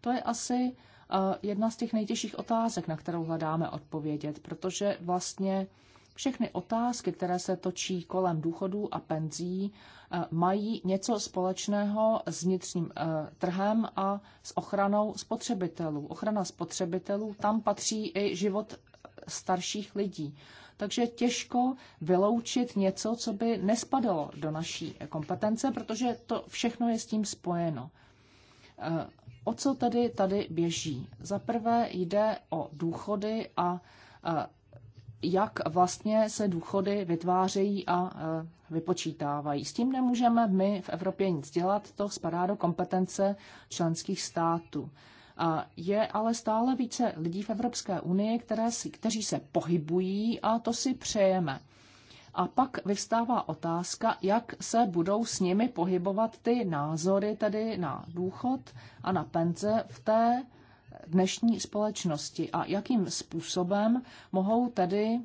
To je asi eh, jedna z těch nejtěžších otázek, na kterou hledáme odpovědět, protože vlastně všechny otázky, které se točí kolem důchodů a penzí, eh, mají něco společného s vnitřním eh, trhem a s ochranou spotřebitelů. Ochrana spotřebitelů, tam patří i život eh, starších lidí. Takže těžko vyloučit něco, co by nespadalo do naší kompetence, protože to všechno je s tím spojeno. O co tedy tady běží? Za prvé jde o důchody a jak vlastně se důchody vytvářejí a e, vypočítávají. S tím nemůžeme my v Evropě nic dělat, to spadá do kompetence členských států. A je ale stále více lidí v Evropské unii, které si, kteří se pohybují a to si přejeme. A pak vyvstává otázka, jak se budou s nimi pohybovat ty názory tedy na důchod a na penze v té dnešní společnosti a jakým způsobem mohou tedy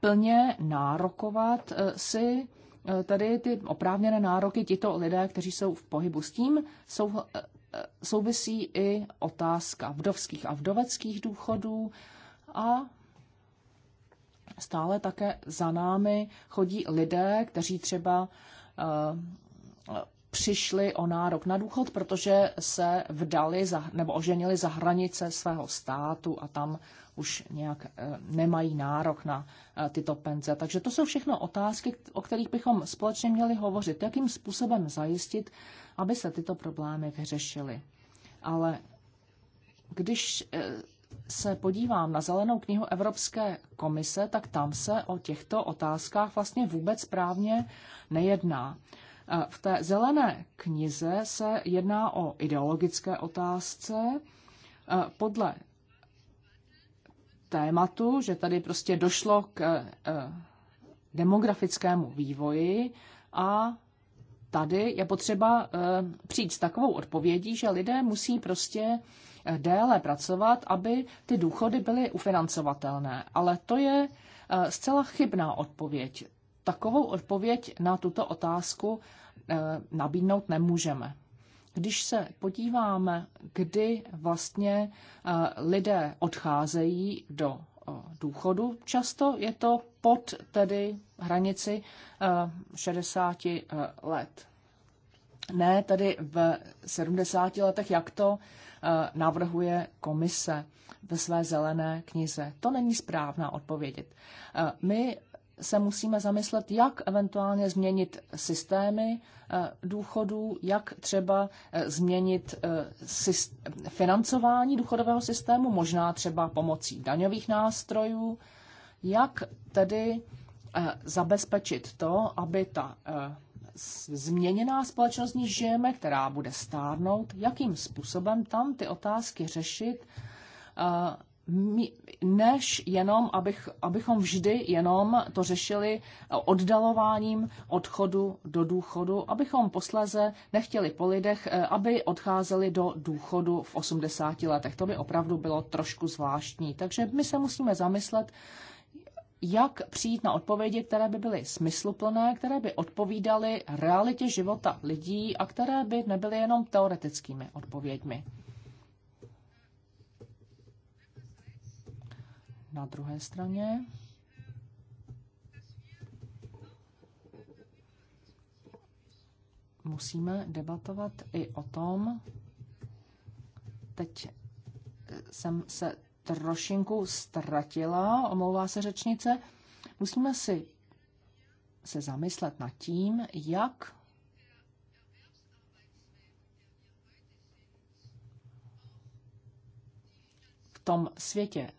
plně nárokovat eh, si eh, tedy ty oprávněné nároky tito lidé, kteří jsou v pohybu. S tím jsou eh, souvisí i otázka vdovských a vdoveckých důchodů a stále také za námi chodí lidé, kteří třeba přišli o nárok na důchod, protože se vdali za, nebo oženili za hranice svého státu a tam už nějak eh, nemají nárok na eh, tyto penze. Takže to jsou všechno otázky, o kterých bychom společně měli hovořit. Jakým způsobem zajistit, aby se tyto problémy vyřešily. Ale když eh, se podívám na zelenou knihu Evropské komise, tak tam se o těchto otázkách vlastně vůbec správně nejedná. V té zelené knize se jedná o ideologické otázce. Podle tématu, že tady prostě došlo k e, demografickému vývoji a tady je potřeba e, přijít s takovou odpovědí, že lidé musí prostě e, déle pracovat, aby ty důchody byly ufinancovatelné. Ale to je zcela chybná odpověď. Takovou odpověď na tuto otázku Eh, nabídnout nemůžeme. Když se podíváme, kdy vlastně eh, lidé odcházejí do eh, důchodu, často je to pod tedy hranici 60 let. Ne tedy v 70 letech, jak to navrhuje komise ve své zelené knize. To není správná odpověď. My se musíme zamyslet, jak eventuálně změnit systémy eh, důchodů, jak třeba eh, změnit eh, financování důchodového systému, možná třeba pomocí daňových nástrojů, jak tedy zabezpečit to, aby ta změněná společnost, níž žijeme, která bude stárnout, jakým způsobem tam ty otázky řešit než jenom, abych, abychom vždy jenom to řešili oddalováním odchodu do důchodu, abychom posléze nechtěli po lidech, eh, aby odcházeli do důchodu v 80 letech. To by opravdu bylo trošku zvláštní. Takže my se musíme zamyslet, jak přijít na odpovědi, které by byly smysluplné, které by odpovídaly realitě života lidí a které by nebyly jenom teoretickými odpověďmi. na druhé straně. Musíme debatovat i o tom, teď jsem se trošinku ztratila, omlouvá se řečnice, musíme si se zamyslet nad tím, jak v tom světě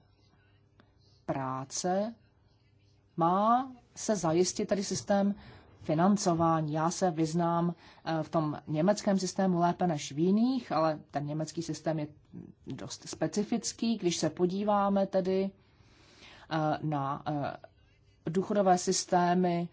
práce má se zajistit tady systém financování. Já se vyznám eh, v tom německém systému lépe než v jiných, ale ten německý systém je dost specifický. Když se podíváme tedy eh, na eh, důchodové systémy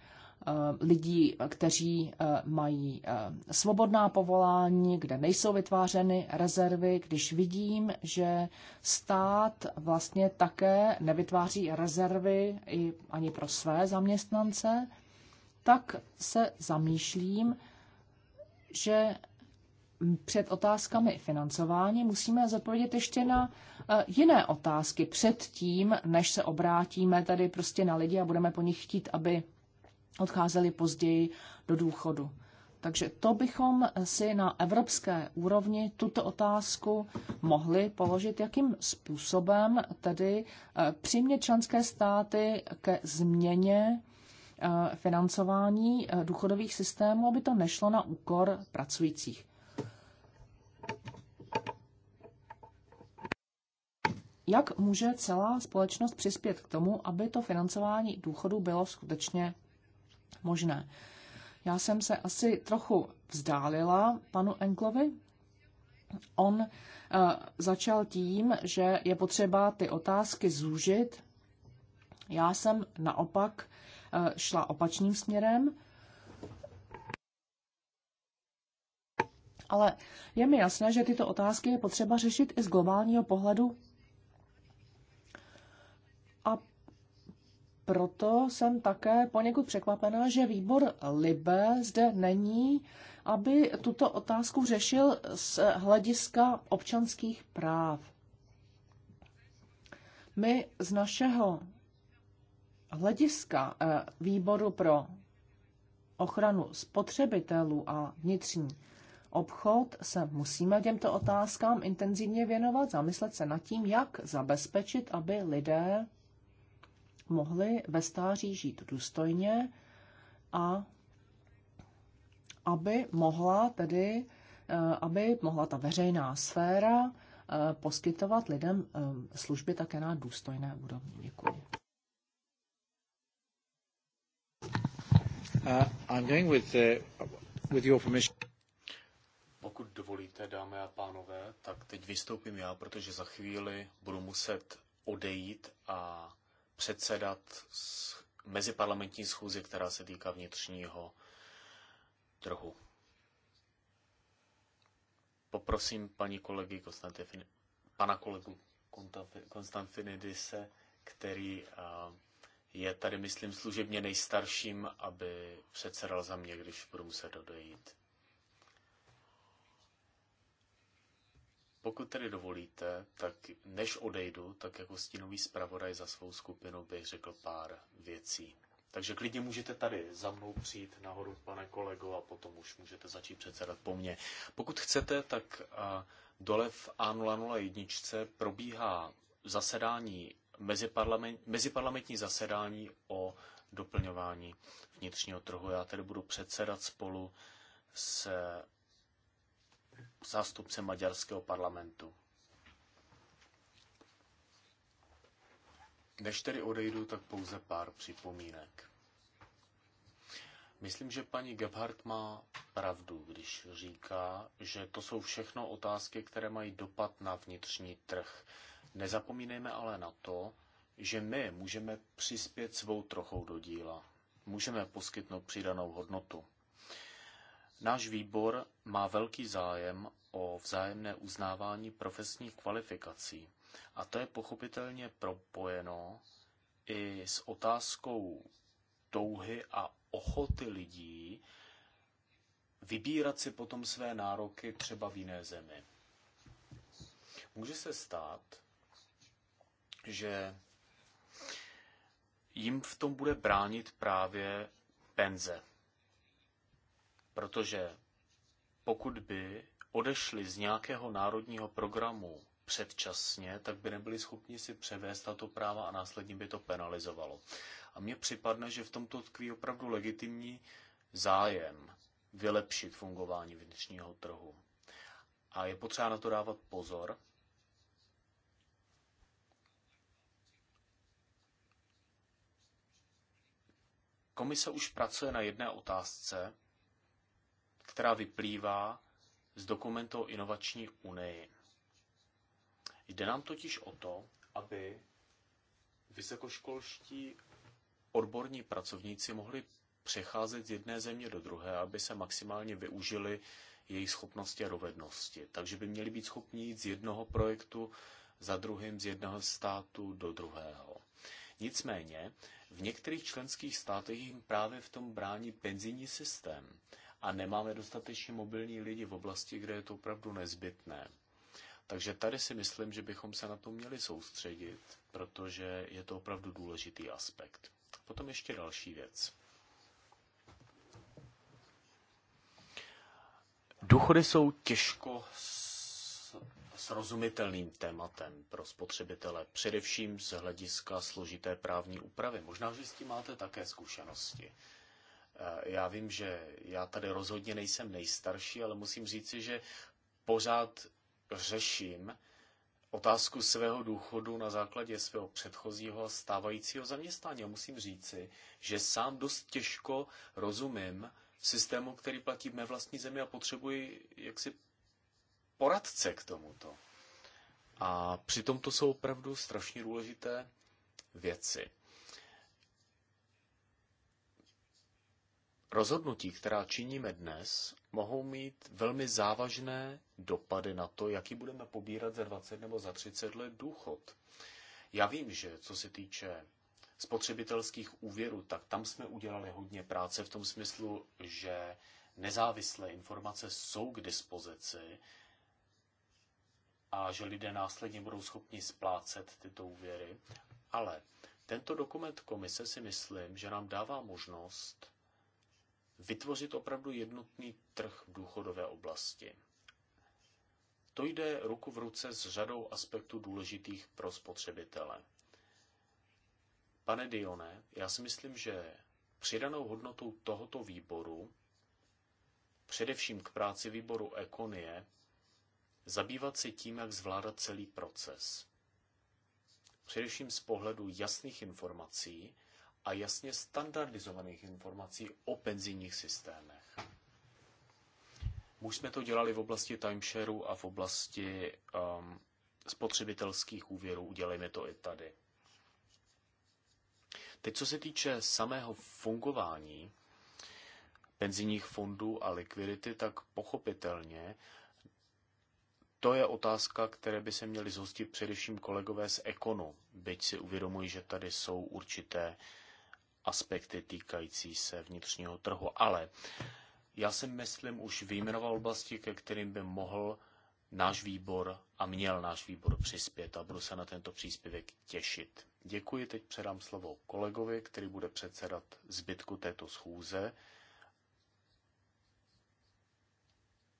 Eh, lidí, kteří eh, mají eh, svobodná povolání, kde nejsou vytvářeny rezervy, když vidím, že stát vlastně také nevytváří rezervy i ani pro své zaměstnance, tak se zamýšlím, že před otázkami financování musíme zodpovědět ještě na jiné otázky předtím, než se obrátíme tady prostě na lidi a budeme po nich chtít, aby odcházeli později do důchodu. Takže to bychom si na evropské úrovni tuto otázku mohli položit, jakým způsobem tedy eh, přimět členské státy ke změně eh, financování eh, důchodových systémů, aby to nešlo na úkor pracujících. Jak může celá společnost přispět k tomu, aby to financování důchodu bylo skutečně možné. Já jsem se asi trochu vzdálila panu Enklovi. On eh, začal tím, že je potřeba ty otázky zúžit. Já jsem naopak eh, šla opačným směrem. Ale je mi jasné, že tyto otázky je potřeba řešit i z globálního pohledu proto jsem také poněkud překvapená, že výbor Libe zde není, aby tuto otázku řešil z hlediska občanských práv. My z našeho hlediska eh, výboru pro ochranu spotřebitelů a vnitřní obchod se musíme těmto otázkám intenzivně věnovat, zamyslet se nad tím, jak zabezpečit, aby lidé mohli ve stáří žít důstojně a aby mohla tedy, eh, aby mohla ta veřejná sféra eh, poskytovat lidem eh, služby také na důstojné úrovni. Děkuji. Uh, I'm going with, the, uh, with your permission. Pokud dovolíte, dámy a pánové, tak teď vystoupím já, protože za chvíli budu muset odejít a předsedat meziparlamentní schůzi, která se týká vnitřního trhu. Poprosím paní kolegy Konstantin, pana kolegu Konstantinidise, který je tady, myslím, služebně nejstarším, aby předsedal za mě, když budu muset odejít. Pokud tedy dovolíte, tak než odejdu, tak jako stínový zpravodaj za svou skupinu bych řekl pár věcí. Takže klidně můžete tady za mnou přijít nahoru, pane kolego, a potom už můžete začít předsedat po mně. Pokud chcete, tak dole v A001 probíhá zasedání, meziparlament, meziparlamentní zasedání o doplňování vnitřního trhu. Já tedy budu předsedat spolu se zástupce maďarského parlamentu. Než tedy odejdu, tak pouze pár připomínek. Myslím, že paní Gebhardt má pravdu, když říká, že to jsou všechno otázky, které mají dopad na vnitřní trh. Nezapomínejme ale na to, že my můžeme přispět svou trochou do díla. Můžeme poskytnout přidanou hodnotu. Náš výbor má velký zájem o vzájemné uznávání profesních kvalifikací a to je pochopitelně propojeno i s otázkou touhy a ochoty lidí vybírat si potom své nároky třeba v jiné zemi. Může se stát, že jim v tom bude bránit právě penze. Protože pokud by odešli z nějakého národního programu předčasně, tak by nebyli schopni si převést tato práva a následně by to penalizovalo. A mně připadne, že v tomto tkví opravdu legitimní zájem vylepšit fungování vnitřního trhu. A je potřeba na to dávat pozor. Komise už pracuje na jedné otázce, která vyplývá z dokumentu o inovační unii. Jde nám totiž o to, aby vysokoškolští odborní pracovníci mohli přecházet z jedné země do druhé, aby se maximálně využili jejich schopnosti a dovednosti. Takže by měli být schopni jít z jednoho projektu za druhým, z jednoho státu do druhého. Nicméně v některých členských státech jim právě v tom brání penzijní systém a nemáme dostatečně mobilní lidi v oblasti, kde je to opravdu nezbytné. Takže tady si myslím, že bychom se na to měli soustředit, protože je to opravdu důležitý aspekt. Potom ještě další věc. Důchody jsou těžko srozumitelným tématem pro spotřebitele, především z hlediska složité právní úpravy. Možná, že s tím máte také zkušenosti. Eh, já vím, že já tady rozhodně nejsem nejstarší, ale musím říci, že pořád řeším otázku svého důchodu na základě svého předchozího a stávajícího zaměstnání. A musím říci, že sám dost těžko rozumím systému, který platí v mé vlastní zemi a potřebuji jaksi poradce k tomuto. A přitom to jsou opravdu strašně důležité věci. Rozhodnutí, která činíme dnes, mohou mít velmi závažné dopady na to, jaký budeme pobírat za 20 nebo za 30 let důchod. Já vím, že co se týče spotřebitelských úvěrů, tak tam jsme udělali hodně práce v tom smyslu, že nezávislé informace jsou k dispozici a že lidé následně budou schopni splácet tyto úvěry. Ale tento dokument komise si myslím, že nám dává možnost vytvořit opravdu jednotný trh v důchodové oblasti. To jde ruku v ruce s řadou aspektů důležitých pro spotřebitele. Pane Dione, já si myslím, že přidanou hodnotou tohoto výboru, především k práci výboru ekonie je zabývat se tím, jak zvládat celý proces. Především z pohledu jasných informací, a jasně standardizovaných informací o penzijních systémech. Už jsme to dělali v oblasti timesharu a v oblasti um, spotřebitelských úvěrů, udělejme to i tady. Teď, co se týče samého fungování penzijních fondů a likvidity, tak pochopitelně to je otázka, které by se měli zhostit především kolegové z Ekonu, byť si uvědomují, že tady jsou určité uh, aspekty týkající se vnitřního trhu, ale já si myslím, už vyjmenoval oblasti, ke kterým by mohl náš výbor a měl náš výbor přispět a budu se na tento příspěvek těšit. Děkuji, teď předám slovo kolegovi, který bude předsedat zbytku této schůze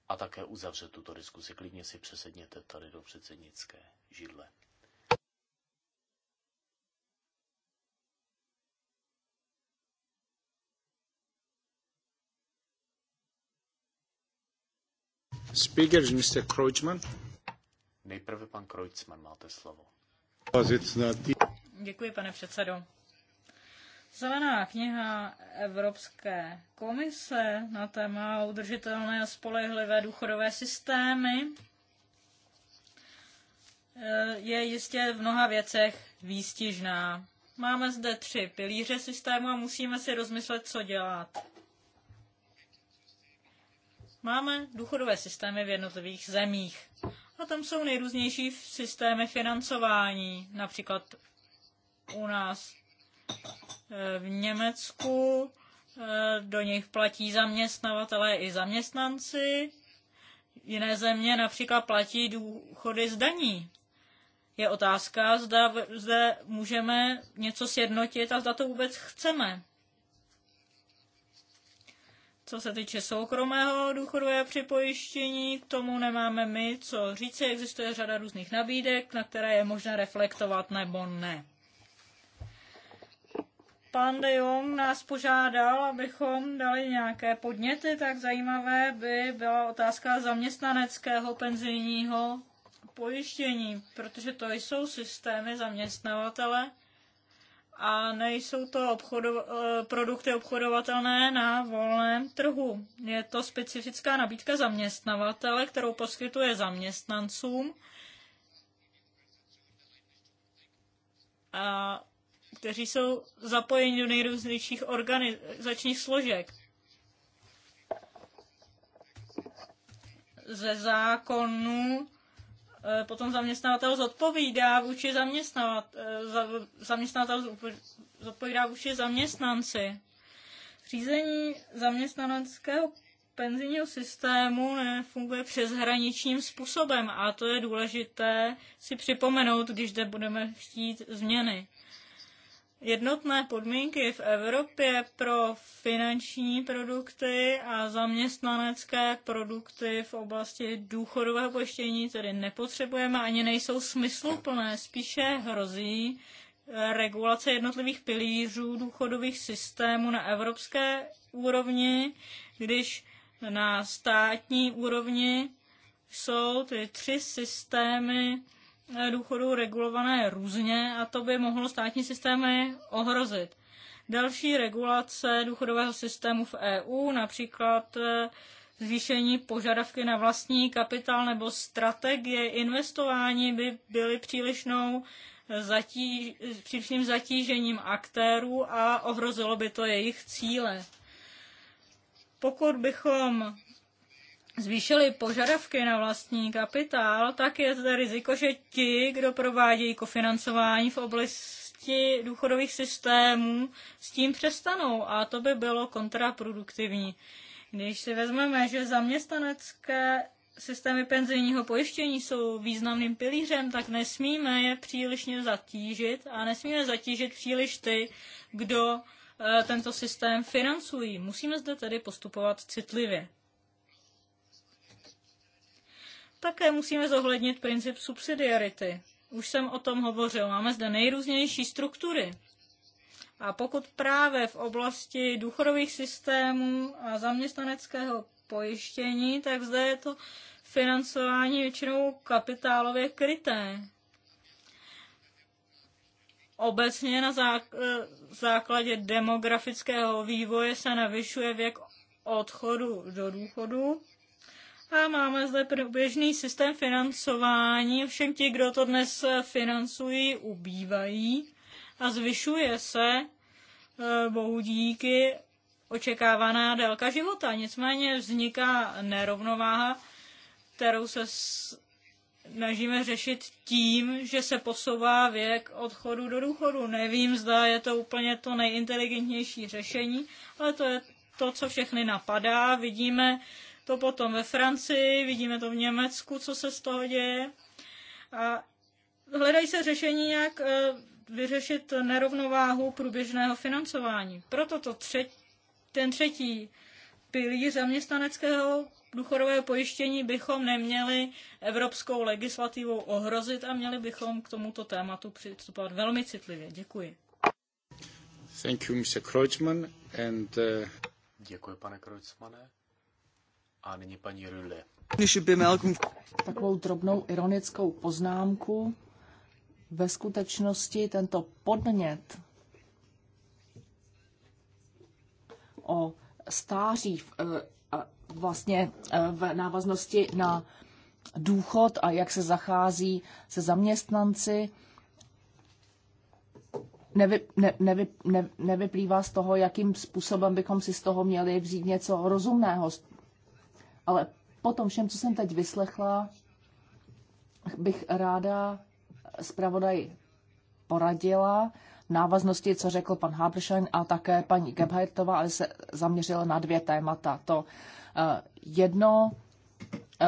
a také uzavře tuto diskusi. Klidně si přesedněte tady do předsednické židle. Speaker Mr. Kreutzmann. Nejprve pan Kreutzmann, máte slovo. Děkuji, pane předsedo. Zelená kniha Evropské komise na téma udržitelné a spolehlivé důchodové systémy eh, je jistě v mnoha věcech výstižná. Máme zde tři pilíře systému a musíme si rozmyslet, co dělat. Máme důchodové systémy v jednotlivých zemích a tam jsou nejrůznější systémy financování. Například u nás e, v Německu e, do nich platí zaměstnavatelé i zaměstnanci. Jiné země například platí důchody z daní. Je otázka, zda zde můžeme něco sjednotit a zda to vůbec chceme. Co se týče soukromého důchodového připojištění, k tomu nemáme my co říci. Existuje řada různých nabídek, na které je možné reflektovat nebo ne. Pan de Jong nás požádal, abychom dali nějaké podněty, tak zajímavé by byla otázka zaměstnaneckého penzijního pojištění, protože to jsou systémy zaměstnavatele, a nejsou to obchodu, eh, produkty obchodovatelné na volném trhu. Je to specifická nabídka zaměstnavatele, kterou poskytuje zaměstnancům, a, kteří jsou zapojeni do nejrůznějších organizačních složek. Ze zákonu E, potom zaměstnavatel zodpovídá vůči e, zaměstnavatel zodpovídá vůči zaměstnanci. Řízení zaměstnaneckého penzijního systému nefunguje přeshraničním způsobem a to je důležité si připomenout, když zde budeme chtít změny jednotné podmínky v Evropě pro finanční produkty a zaměstnanecké produkty v oblasti důchodového pojištění tedy nepotřebujeme, ani nejsou smysluplné, spíše hrozí eh, regulace jednotlivých pilířů důchodových systémů na evropské úrovni, když na státní úrovni jsou ty tři systémy důchodů regulované různě a to by mohlo státní systémy ohrozit. Další regulace důchodového systému v EU, například eh, zvýšení požadavky na vlastní kapitál nebo strategie investování by byly přílišnou eh, zatíž, přílišným zatížením aktérů a ohrozilo by to jejich cíle. Pokud bychom zvýšili požadavky na vlastní kapitál, tak je zde riziko, že ti, kdo provádějí kofinancování v oblasti důchodových systémů, s tím přestanou a to by bylo kontraproduktivní. Když si vezmeme, že zaměstnanecké systémy penzijního pojištění jsou významným pilířem, tak nesmíme je přílišně zatížit a nesmíme zatížit příliš ty, kdo eh, tento systém financují. Musíme zde tedy postupovat citlivě. Také musíme zohlednit princip subsidiarity. Už jsem o tom hovořil. Máme zde nejrůznější struktury. A pokud právě v oblasti důchodových systémů a zaměstnaneckého pojištění, tak zde je to financování většinou kapitálově kryté. Obecně na základě demografického vývoje se navyšuje věk odchodu do důchodu a máme zde průběžný systém financování. Všem ti, kdo to dnes financují, ubývají a zvyšuje se e, bohu díky očekávaná délka života. Nicméně vzniká nerovnováha, kterou se snažíme řešit tím, že se posouvá věk odchodu do důchodu. Nevím, zda je to úplně to nejinteligentnější řešení, ale to je to, co všechny napadá. Vidíme to potom ve Francii, vidíme to v Německu, co se z toho děje. A hledají se řešení, jak e, vyřešit nerovnováhu průběžného financování. Proto to třetí, ten třetí pilíř zaměstnaneckého důchodového pojištění bychom neměli evropskou legislativou ohrozit a měli bychom k tomuto tématu přistupovat velmi citlivě. Děkuji. Thank you, Mr. Kreutzmann, and, uh... Děkuji, pane Kreuzmane. A nyní paní Takovou drobnou ironickou poznámku. Ve skutečnosti tento podnět o stáří e, vlastně e, v návaznosti na důchod a jak se zachází se zaměstnanci, nevy, ne, nevy, ne, nevyplývá z toho, jakým způsobem bychom si z toho měli vzít něco rozumného. Ale po tom všem, co jsem teď vyslechla, bych ráda zpravodaj poradila v návaznosti, co řekl pan Habršen a také paní Gebhardtová, ale se zaměřila na dvě témata. To eh, jedno eh,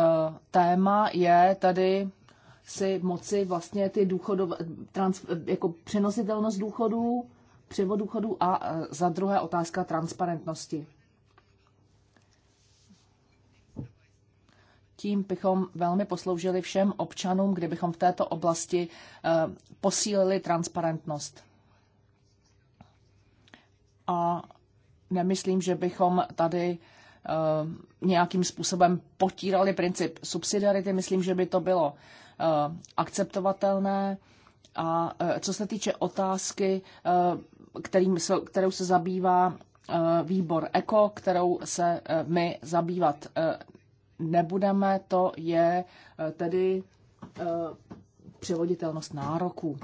téma je tady si moci vlastně ty důchodové, trans, jako přenositelnost důchodů, převod důchodů a eh, za druhé otázka transparentnosti. tím bychom velmi posloužili všem občanům, kdybychom v této oblasti eh, posílili transparentnost. A nemyslím, že bychom tady eh, nějakým způsobem potírali princip subsidiarity. Myslím, že by to bylo eh, akceptovatelné. A co se týče otázky, kterým se, kterou se zabývá výbor ECO, kterou se my zabývat nebudeme, to je eh, tedy eh, převoditelnost nároků.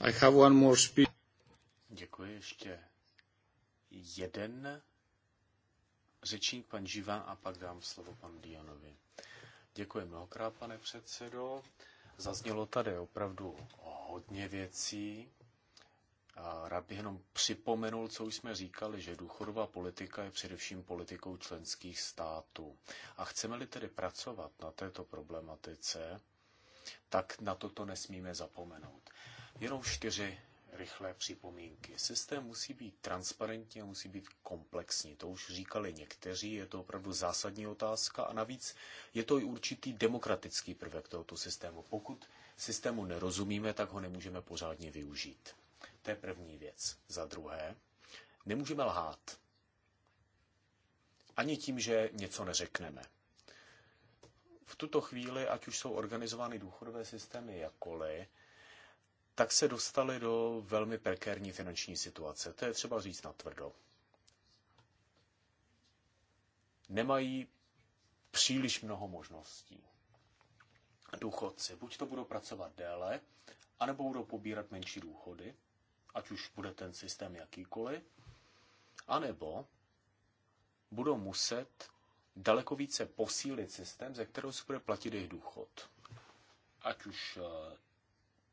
I have one more speech. Děkuji ještě jeden řečník, pan Živa a pak dám slovo pan Dionovi. Děkuji mnohokrát, pane předsedo. Zaznělo tady opravdu hodně věcí. Rád bych jenom připomenul, co už jsme říkali, že důchodová politika je především politikou členských států. A chceme-li tedy pracovat na této problematice, tak na toto nesmíme zapomenout. Jenom čtyři rychlé připomínky. Systém musí být transparentní a musí být komplexní. To už říkali někteří, je to opravdu zásadní otázka a navíc je to i určitý demokratický prvek tohoto systému. Pokud systému nerozumíme, tak ho nemůžeme pořádně využít. To je první věc. Za druhé, nemůžeme lhát. Ani tím, že něco neřekneme. V tuto chvíli, ať už jsou organizovány důchodové systémy jakkoliv, tak se dostali do velmi prekérní finanční situace. To je třeba říct na tvrdo. Nemají příliš mnoho možností. Důchodci buď to budou pracovat déle, anebo budou pobírat menší důchody, ať už bude ten systém jakýkoliv, anebo budou muset daleko více posílit systém, ze kterého se bude platit jejich důchod. Ať už eh,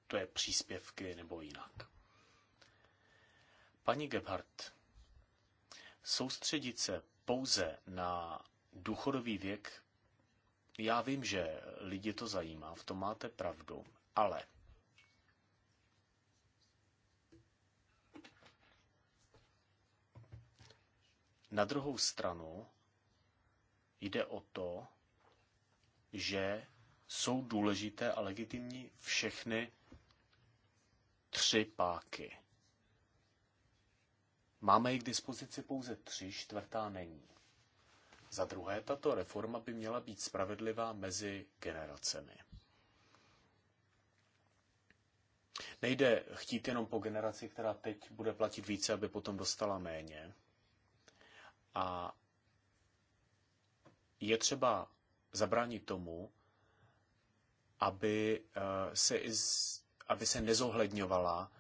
to je příspěvky nebo jinak. Paní Gebhardt, soustředit se pouze na důchodový věk, já vím, že lidi to zajímá, v tom máte pravdu, ale Na druhou stranu jde o to, že jsou důležité a legitimní všechny tři páky. Máme jich k dispozici pouze tři, čtvrtá není. Za druhé, tato reforma by měla být spravedlivá mezi generacemi. Nejde chtít jenom po generaci, která teď bude platit více, aby potom dostala méně. A je třeba zabránit tomu, aby eh, se, aby se nezohledňovala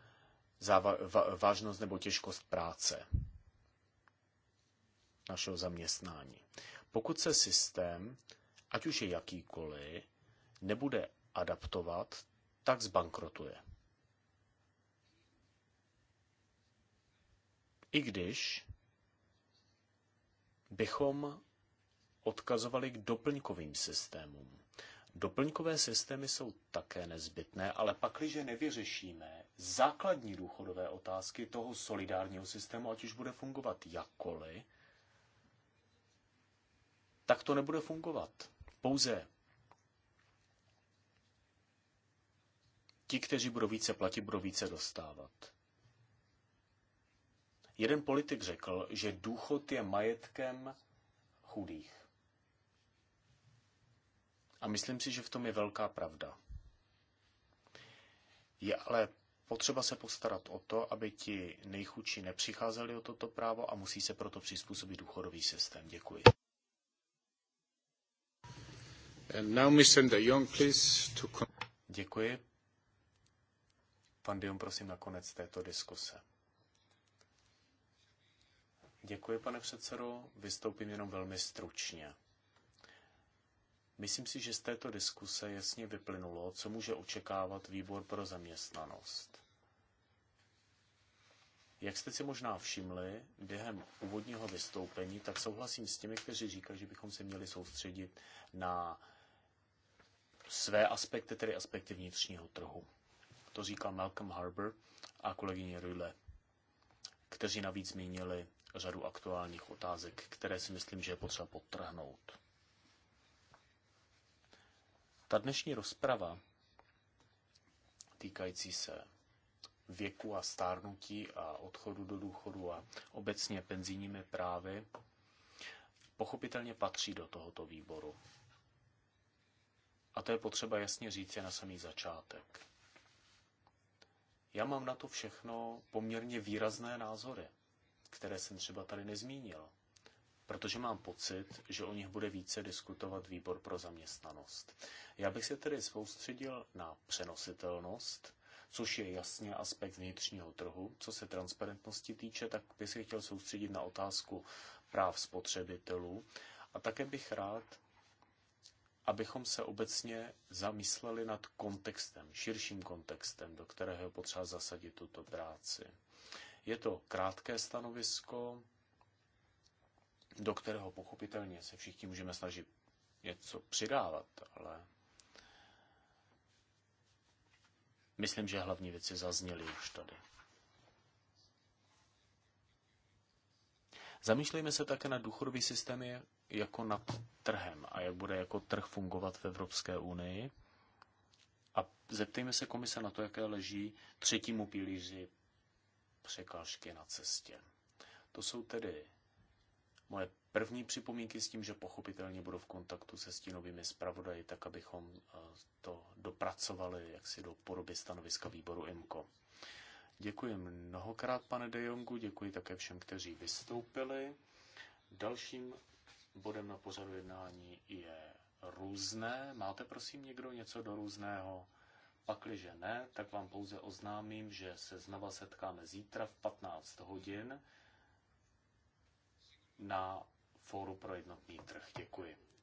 vážnost nebo těžkost práce našeho zaměstnání. Pokud se systém, ať už je jakýkoliv, nebude adaptovat, tak zbankrotuje. I když bychom odkazovali k doplňkovým systémům. Doplňkové systémy jsou také nezbytné, ale pakliže nevyřešíme základní důchodové otázky toho solidárního systému, ať už bude fungovat jakkoliv, tak to nebude fungovat. Pouze ti, kteří budou více platit, budou více dostávat. Jeden politik řekl, že důchod je majetkem chudých. A myslím si, že v tom je velká pravda. Je ale potřeba se postarat o to, aby ti nejchudší nepřicházeli o toto právo a musí se proto přizpůsobit důchodový systém. Děkuji. And now Mr. please, to... Děkuji. Pan Dion, prosím, na konec této diskuse. Děkuji, pane předsedo. Vystoupím jenom velmi stručně. Myslím si, že z této diskuse jasně vyplynulo, co může očekávat výbor pro zaměstnanost. Jak jste si možná všimli během úvodního vystoupení, tak souhlasím s těmi, kteří říkají, že bychom se měli soustředit na své aspekty, tedy aspekty vnitřního trhu. To říkal Malcolm Harbour a kolegyně Rule, kteří navíc zmínili řadu aktuálních otázek, které si myslím, že je potřeba podtrhnout. Ta dnešní rozprava týkající se věku a stárnutí a odchodu do důchodu a obecně penzijními právy pochopitelně patří do tohoto výboru. A to je potřeba jasně říct na samý začátek. Já mám na to všechno poměrně výrazné názory které jsem třeba tady nezmínil, protože mám pocit, že o nich bude více diskutovat výbor pro zaměstnanost. Já bych se tedy soustředil na přenositelnost, což je jasně aspekt vnitřního trhu. Co se transparentnosti týče, tak bych se chtěl soustředit na otázku práv spotřebitelů a také bych rád, abychom se obecně zamysleli nad kontextem, širším kontextem, do kterého je potřeba zasadit tuto práci. Je to krátké stanovisko, do kterého pochopitelně se všichni můžeme snažit něco přidávat, ale myslím, že hlavní věci zazněly už tady. Zamýšlejme se také na důchodový systém jako nad trhem a jak bude jako trh fungovat v Evropské unii. A zeptejme se komise na to, jaké leží třetímu pilíři překážky na cestě. To jsou tedy moje první připomínky s tím, že pochopitelně budu v kontaktu se stínovými zpravodaji, tak abychom eh, to dopracovali jaksi do podoby stanoviska výboru IMCO. Děkuji mnohokrát, pane De Jongu, děkuji také všem, kteří vystoupili. Dalším bodem na pořadu jednání je různé. Máte prosím někdo něco do různého? Pakliže ne, tak vám pouze oznámím, že se znova setkáme zítra v 15 hodin na Fóru pro jednotný trh. Děkuji.